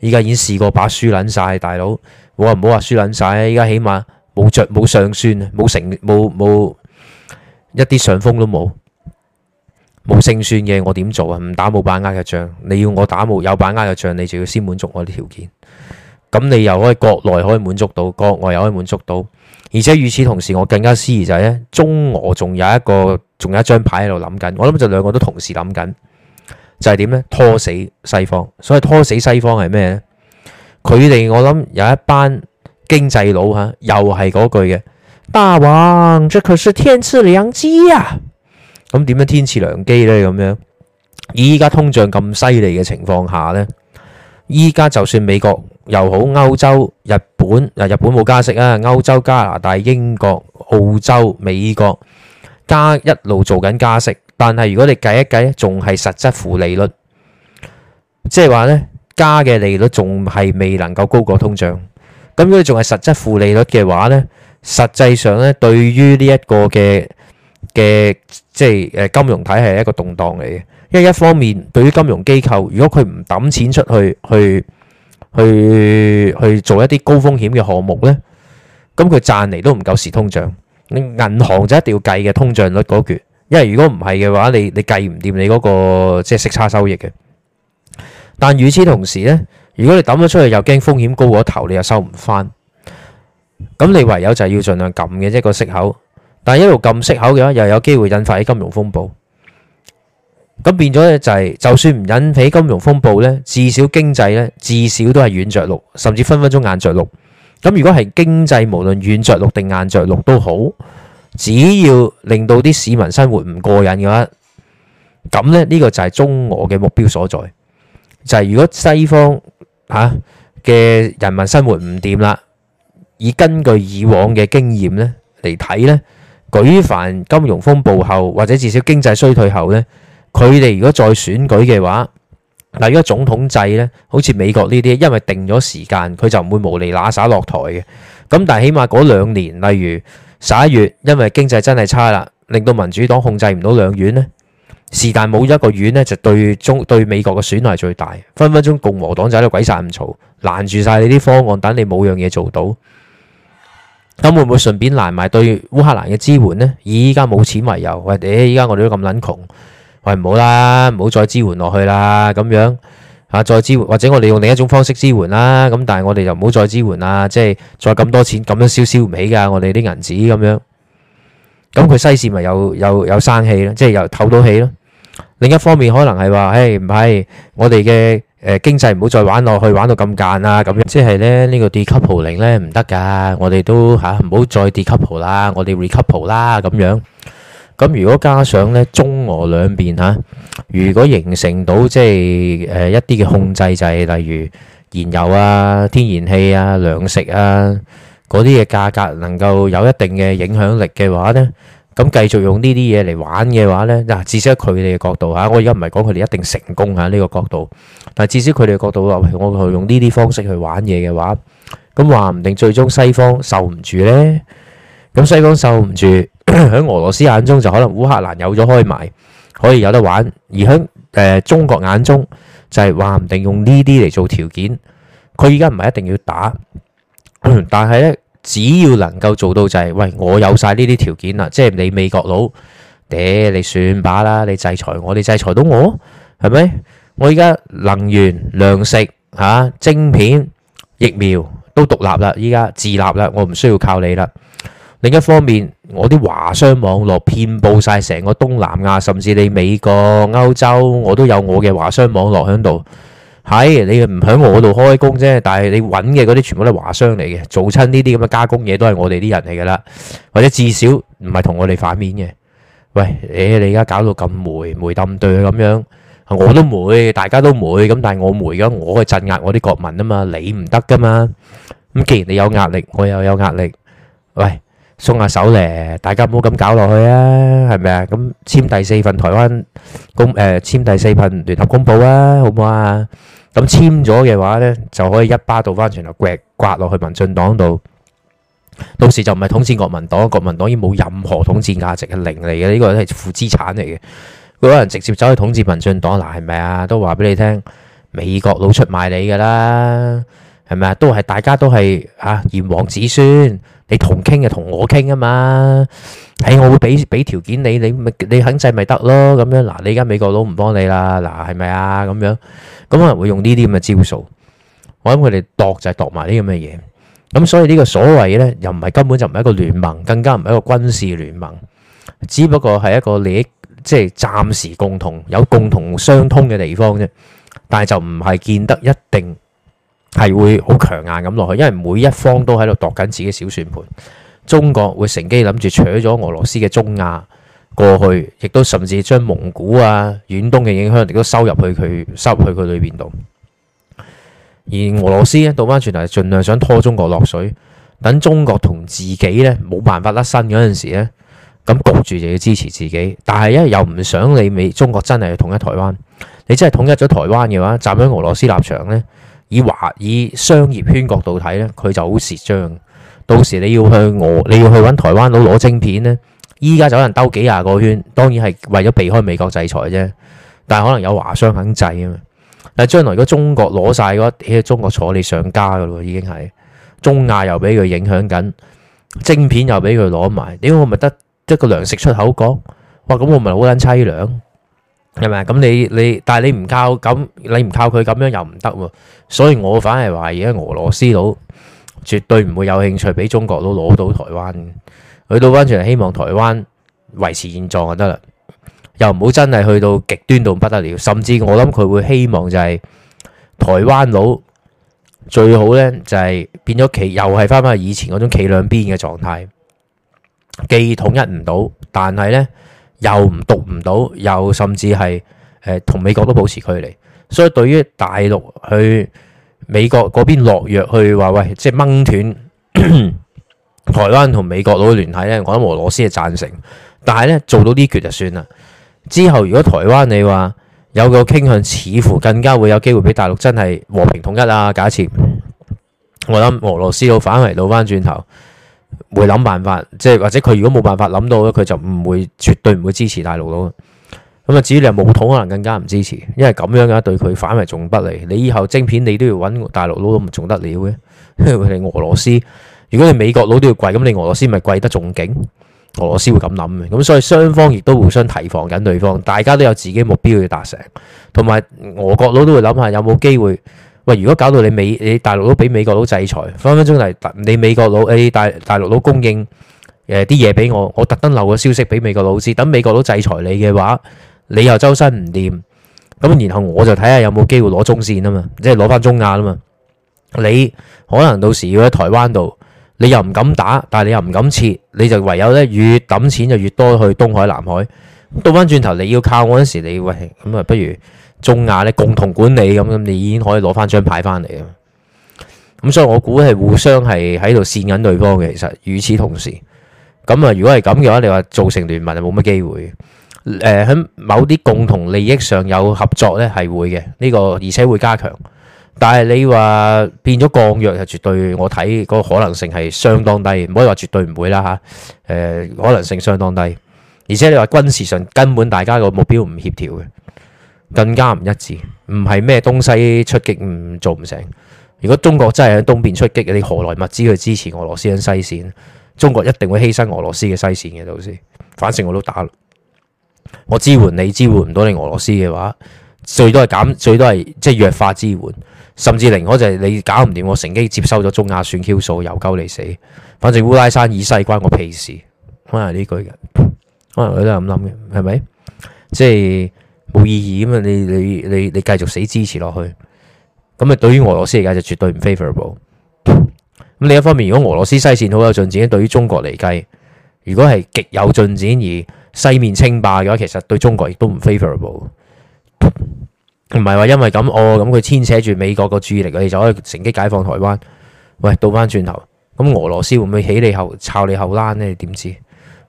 依家已經試過把輸捻晒，大佬。我話唔好話輸撚曬，依家起碼冇著冇上算，冇成冇冇一啲上風都冇，冇勝算嘅，我點做啊？唔打冇把握嘅仗，你要我打冇有把握嘅仗，你就要先滿足我啲條件。咁你又可以國內可以滿足到，國外又可以滿足到，而且與此同時，我更加思議就係咧，中俄仲有一個，仲有一張牌喺度諗緊。我諗就兩個都同時諗緊，就係點咧？拖死西方，所以拖死西方係咩咧？佢哋我諗有一班經濟佬吓、啊，又係嗰句嘅，大王，這可是天賜良機啊！咁點樣天賜良機呢？咁樣，依家通脹咁犀利嘅情況下呢，依家就算美國又好，歐洲、日本誒、啊，日本冇加息啊，歐洲、加拿大、英國、澳洲、美國加一路做緊加息，但係如果你計一計仲係實質負利率，即係話呢。加嘅利率仲係未能夠高過通脹，咁如果仲係實質負利率嘅話咧，實際上咧對於呢一個嘅嘅即係誒金融體系一個動盪嚟嘅，因為一方面對於金融機構，如果佢唔抌錢出去去去去做一啲高風險嘅項目咧，咁佢賺嚟都唔夠蝕通脹，你銀行就一定要計嘅通脹率嗰橛，因為如果唔係嘅話，你你計唔掂你嗰個即係息差收益嘅。但與此同時咧，如果你抌咗出去，又驚風險高過頭，你又收唔返，咁你唯有就係要儘量撳嘅一個息口。但係一路撳息口嘅話，又有機會引發起金融風暴。咁變咗咧，就係就算唔引起金融風暴咧，至少經濟咧至少都係軟著陸，甚至分分鐘硬著陸。咁如果係經濟無論軟著陸定硬著陸都好，只要令到啲市民生活唔過癮嘅話，咁咧呢個就係中俄嘅目標所在。就係如果西方嚇嘅人民生活唔掂啦，以根據以往嘅經驗咧嚟睇咧，舉凡金融風暴後或者至少經濟衰退後咧，佢哋如果再選舉嘅話，例如果總統制咧，好似美國呢啲，因為定咗時間，佢就唔會無厘嗱嗙落台嘅。咁但係起碼嗰兩年，例如十一月，因為經濟真係差啦，令到民主黨控制唔到兩院咧。是但冇一個院呢，就對中對美國嘅損害最大，分分鐘共和黨就喺度鬼殺咁嘈，攔住晒你啲方案，等你冇樣嘢做到，咁會唔會順便攔埋對烏克蘭嘅支援呢？以依家冇錢為由，喂，啲依家我哋都咁撚窮，喂，唔好啦，唔好再支援落去啦，咁樣啊，再支援或者我哋用另一種方式支援啦，咁但係我哋就唔好再支援啦，即係再咁多錢咁樣燒燒唔起噶，我哋啲銀紙咁樣，咁佢西線咪有有有生氣咯，即係又透到氣咯。另一方面，可能係話，誒唔係，我哋嘅誒經濟唔好再玩落去，玩到咁間啊咁樣，即係咧呢、呢個 decoupling 咧唔得噶，我哋都吓唔好再 decouple 啦，我哋 recouple 啦咁樣。咁如果加上咧中俄兩邊吓、啊，如果形成到即係誒、呃、一啲嘅控制、制，就係例如燃油啊、天然氣啊、糧食啊嗰啲嘅價格能夠有一定嘅影響力嘅話咧。咁繼續用呢啲嘢嚟玩嘅話呢，嗱，至少喺佢哋嘅角度嚇，我而家唔係講佢哋一定成功嚇呢個角度，但係至少佢哋嘅角度話，我用用呢啲方式去玩嘢嘅話，咁話唔定最終西方受唔住呢，咁西方受唔住喺俄羅斯眼中就可能烏克蘭有咗開埋，可以有得玩，而喺誒中國眼中就係話唔定用呢啲嚟做條件，佢而家唔係一定要打，但係呢。只要能夠做到就係，喂，我有晒呢啲條件啦，即係你美國佬，嗲你算把啦，你制裁我，你制裁到我，係咪？我依家能源、糧食、嚇、啊、晶片、疫苗都獨立啦，依家自立啦，我唔需要靠你啦。另一方面，我啲華商網絡遍佈晒成個東南亞，甚至你美國、歐洲，我都有我嘅華商網絡響度。係，你唔喺我度開工啫，但係你揾嘅嗰啲全部都係華商嚟嘅，做親呢啲咁嘅加工嘢都係我哋啲人嚟㗎啦，或者至少唔係同我哋反面嘅。喂，誒你而家搞到咁黴黴濫對咁樣，我都黴，大家都黴，咁但係我黴咁我可以鎮壓我啲國民啊嘛，你唔得㗎嘛。咁既然你有壓力，我又有壓力，喂，鬆下手咧，大家唔好咁搞落去啊，係咪啊？咁簽第四份台灣公誒簽第四份聯合公佈啊，好唔好啊？咁簽咗嘅話呢，就可以一巴到翻轉頭刮落去民進黨度，到時就唔係統治國民黨，國民黨已經冇任何統治價值嘅零嚟嘅，呢個都係負資產嚟嘅。如果有人直接走去統治民進黨，嗱係咪啊？都話俾你聽，美國佬出賣你噶啦，係咪啊？都係大家都係啊，炎黃子孫，你同傾就同我傾啊嘛。係，hey, 我會俾俾條件你，你咪你肯制咪得咯咁樣。嗱，你而家美國佬唔幫你啦，嗱係咪啊咁樣？咁可能會用呢啲咁嘅招數。我諗佢哋度就係度埋呢咁嘅嘢。咁所以呢個所謂咧，又唔係根本就唔係一個聯盟，更加唔係一個軍事聯盟，只不過係一個利益，即係暫時共同有共同相通嘅地方啫。但係就唔係見得一定係會好強硬咁落去，因為每一方都喺度度緊自己小算盤。中國會乘機諗住搶咗俄羅斯嘅中亞過去，亦都甚至將蒙古啊、遠東嘅影響力都收入去佢收入去佢裏邊度。而俄羅斯呢，倒翻轉頭，盡量想拖中國落水，等中國同自己呢冇辦法甩身嗰陣時咧，咁焗住就要支持自己。但係因為又唔想你美中國真係統一台灣，你真係統一咗台灣嘅話，站喺俄羅斯立場呢，以華以商業圈角度睇呢，佢就好蝕張。到時你要去俄，你要去揾台灣佬攞晶片呢，依家就有人兜幾廿個圈，當然係為咗避開美國制裁啫。但係可能有華商肯制啊嘛。但係將來如果中國攞晒嘅話，起碼中國坐你上家噶咯，已經係中亞又俾佢影響緊，晶片又俾佢攞埋，點我咪得一個糧食出口國？哇，咁我咪好撚淒涼係咪？咁你你，但係你唔靠咁，你唔靠佢咁樣又唔得喎。所以我反而懷疑喺俄羅斯佬。絕對唔會有興趣俾中國都攞到台灣，去到翻就係希望台灣維持現狀就得啦，又唔好真係去到極端到不得了，甚至我諗佢會希望就係台灣佬最好呢，就係變咗企，又係翻翻以前嗰種企兩邊嘅狀態，既統一唔到，但係呢又唔讀唔到，又甚至係誒同美國都保持距離，所以對於大陸去。美國嗰邊落藥去話喂，即係掹斷 台灣同美國佬嘅聯繫咧，我諗俄羅斯係贊成，但係咧做到呢決就算啦。之後如果台灣你話有個傾向，似乎更加會有機會俾大陸真係和平統一啊。假設我諗俄羅斯佬反為倒翻轉頭，會諗辦法，即係或者佢如果冇辦法諗到咧，佢就唔會絕對唔會支持大陸佬。咁啊，至於你武統，可能更加唔支持，因為咁樣嘅對佢反而仲不利。你以後晶片你都要揾大陸佬都唔仲得了嘅， 你俄羅斯如果你美國佬都要跪，咁你俄羅斯咪跪得仲勁？俄羅斯會咁諗嘅，咁所以雙方亦都互相提防緊對方，大家都有自己目標要達成，同埋俄國佬都會諗下有冇機會喂。如果搞到你美你大陸佬俾美國佬制裁，分分鐘嚟你美國佬誒，你大大陸佬供應誒啲嘢俾我，我特登留個消息俾美國佬知，等美國佬制裁你嘅話。你又周身唔掂，咁然後我就睇下有冇機會攞中線啊嘛，即係攞翻中亞啊嘛。你可能到時要喺台灣度，你又唔敢打，但係你又唔敢撤，你就唯有咧越揼錢就越多去東海南海。倒翻轉頭你要靠我嗰陣時，你喂咁啊，不如中亞咧共同管理咁咁，你已經可以攞翻張牌翻嚟啊。咁所以我估係互相係喺度蝕緊對方嘅。其實，與此同時，咁啊，如果係咁嘅話，你話造成聯盟係冇乜機會。誒喺、呃、某啲共同利益上有合作呢，係會嘅呢個，而且會加強。但係你話變咗降弱係絕對，我睇嗰個可能性係相當低，唔可以話絕對唔會啦嚇。誒、呃、可能性相當低，而且你話軍事上根本大家個目標唔協調嘅，更加唔一致，唔係咩東西出擊唔、嗯、做唔成。如果中國真係喺東邊出擊，你何來物資去支持俄羅斯喺西線？中國一定會犧牲俄羅斯嘅西線嘅到時，反正我都打。我支援你支援唔到你俄羅斯嘅話，最多係減，最多係即係弱化支援，甚至寧可就係你搞唔掂，我乘機接收咗中亞算 Q 數，又鳩你死，反正烏拉山以西關我屁事。可能呢句嘅，可能佢都係咁諗嘅，係咪？即係冇意義吖嘛。你你你你繼續死支持落去，咁啊，對於俄羅斯嚟計，就絕對唔 favorable。咁另一方面，如果俄羅斯西線好有進展，對於中國嚟計，如果係極有進展而西面稱霸嘅話，其實對中國亦都唔 favorable，唔係話因為咁哦，咁佢牽扯住美國個注意力，你就可以乘機解放台灣。喂，倒翻轉頭，咁俄羅斯會唔會起你後抄你後欄呢？你點知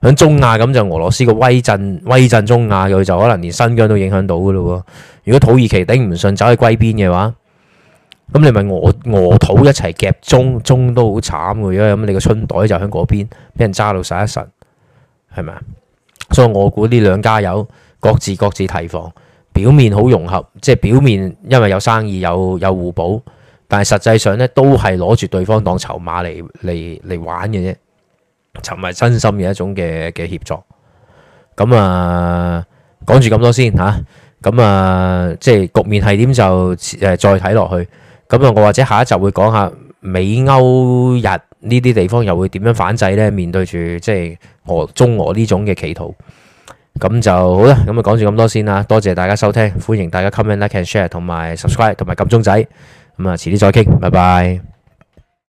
響中亞咁就俄羅斯個威震威震中亞嘅佢就可能連新疆都影響到噶咯喎。如果土耳其頂唔順走去歸邊嘅話，咁你咪俄俄土一齊夾中中都好慘嘅，因為咁你個春袋就喺嗰邊俾人揸到晒一神，係咪啊？所以我估呢兩家有各自各自提防，表面好融合，即係表面因為有生意有有互補，但係實際上咧都係攞住對方當籌碼嚟嚟嚟玩嘅啫，尋埋真心嘅一種嘅嘅協作。咁啊，講住咁多先嚇，咁啊，啊，即係局面係點就誒再睇落去。咁啊，我或者下一集會講下美歐日呢啲地方又會點樣反制呢？面對住即係。中俄呢種嘅企圖，咁就好啦。咁啊，講住咁多先啦。多謝大家收聽，歡迎大家 comment like and share 同埋 subscribe 同埋撳鐘仔。咁啊，遲啲再傾，拜拜。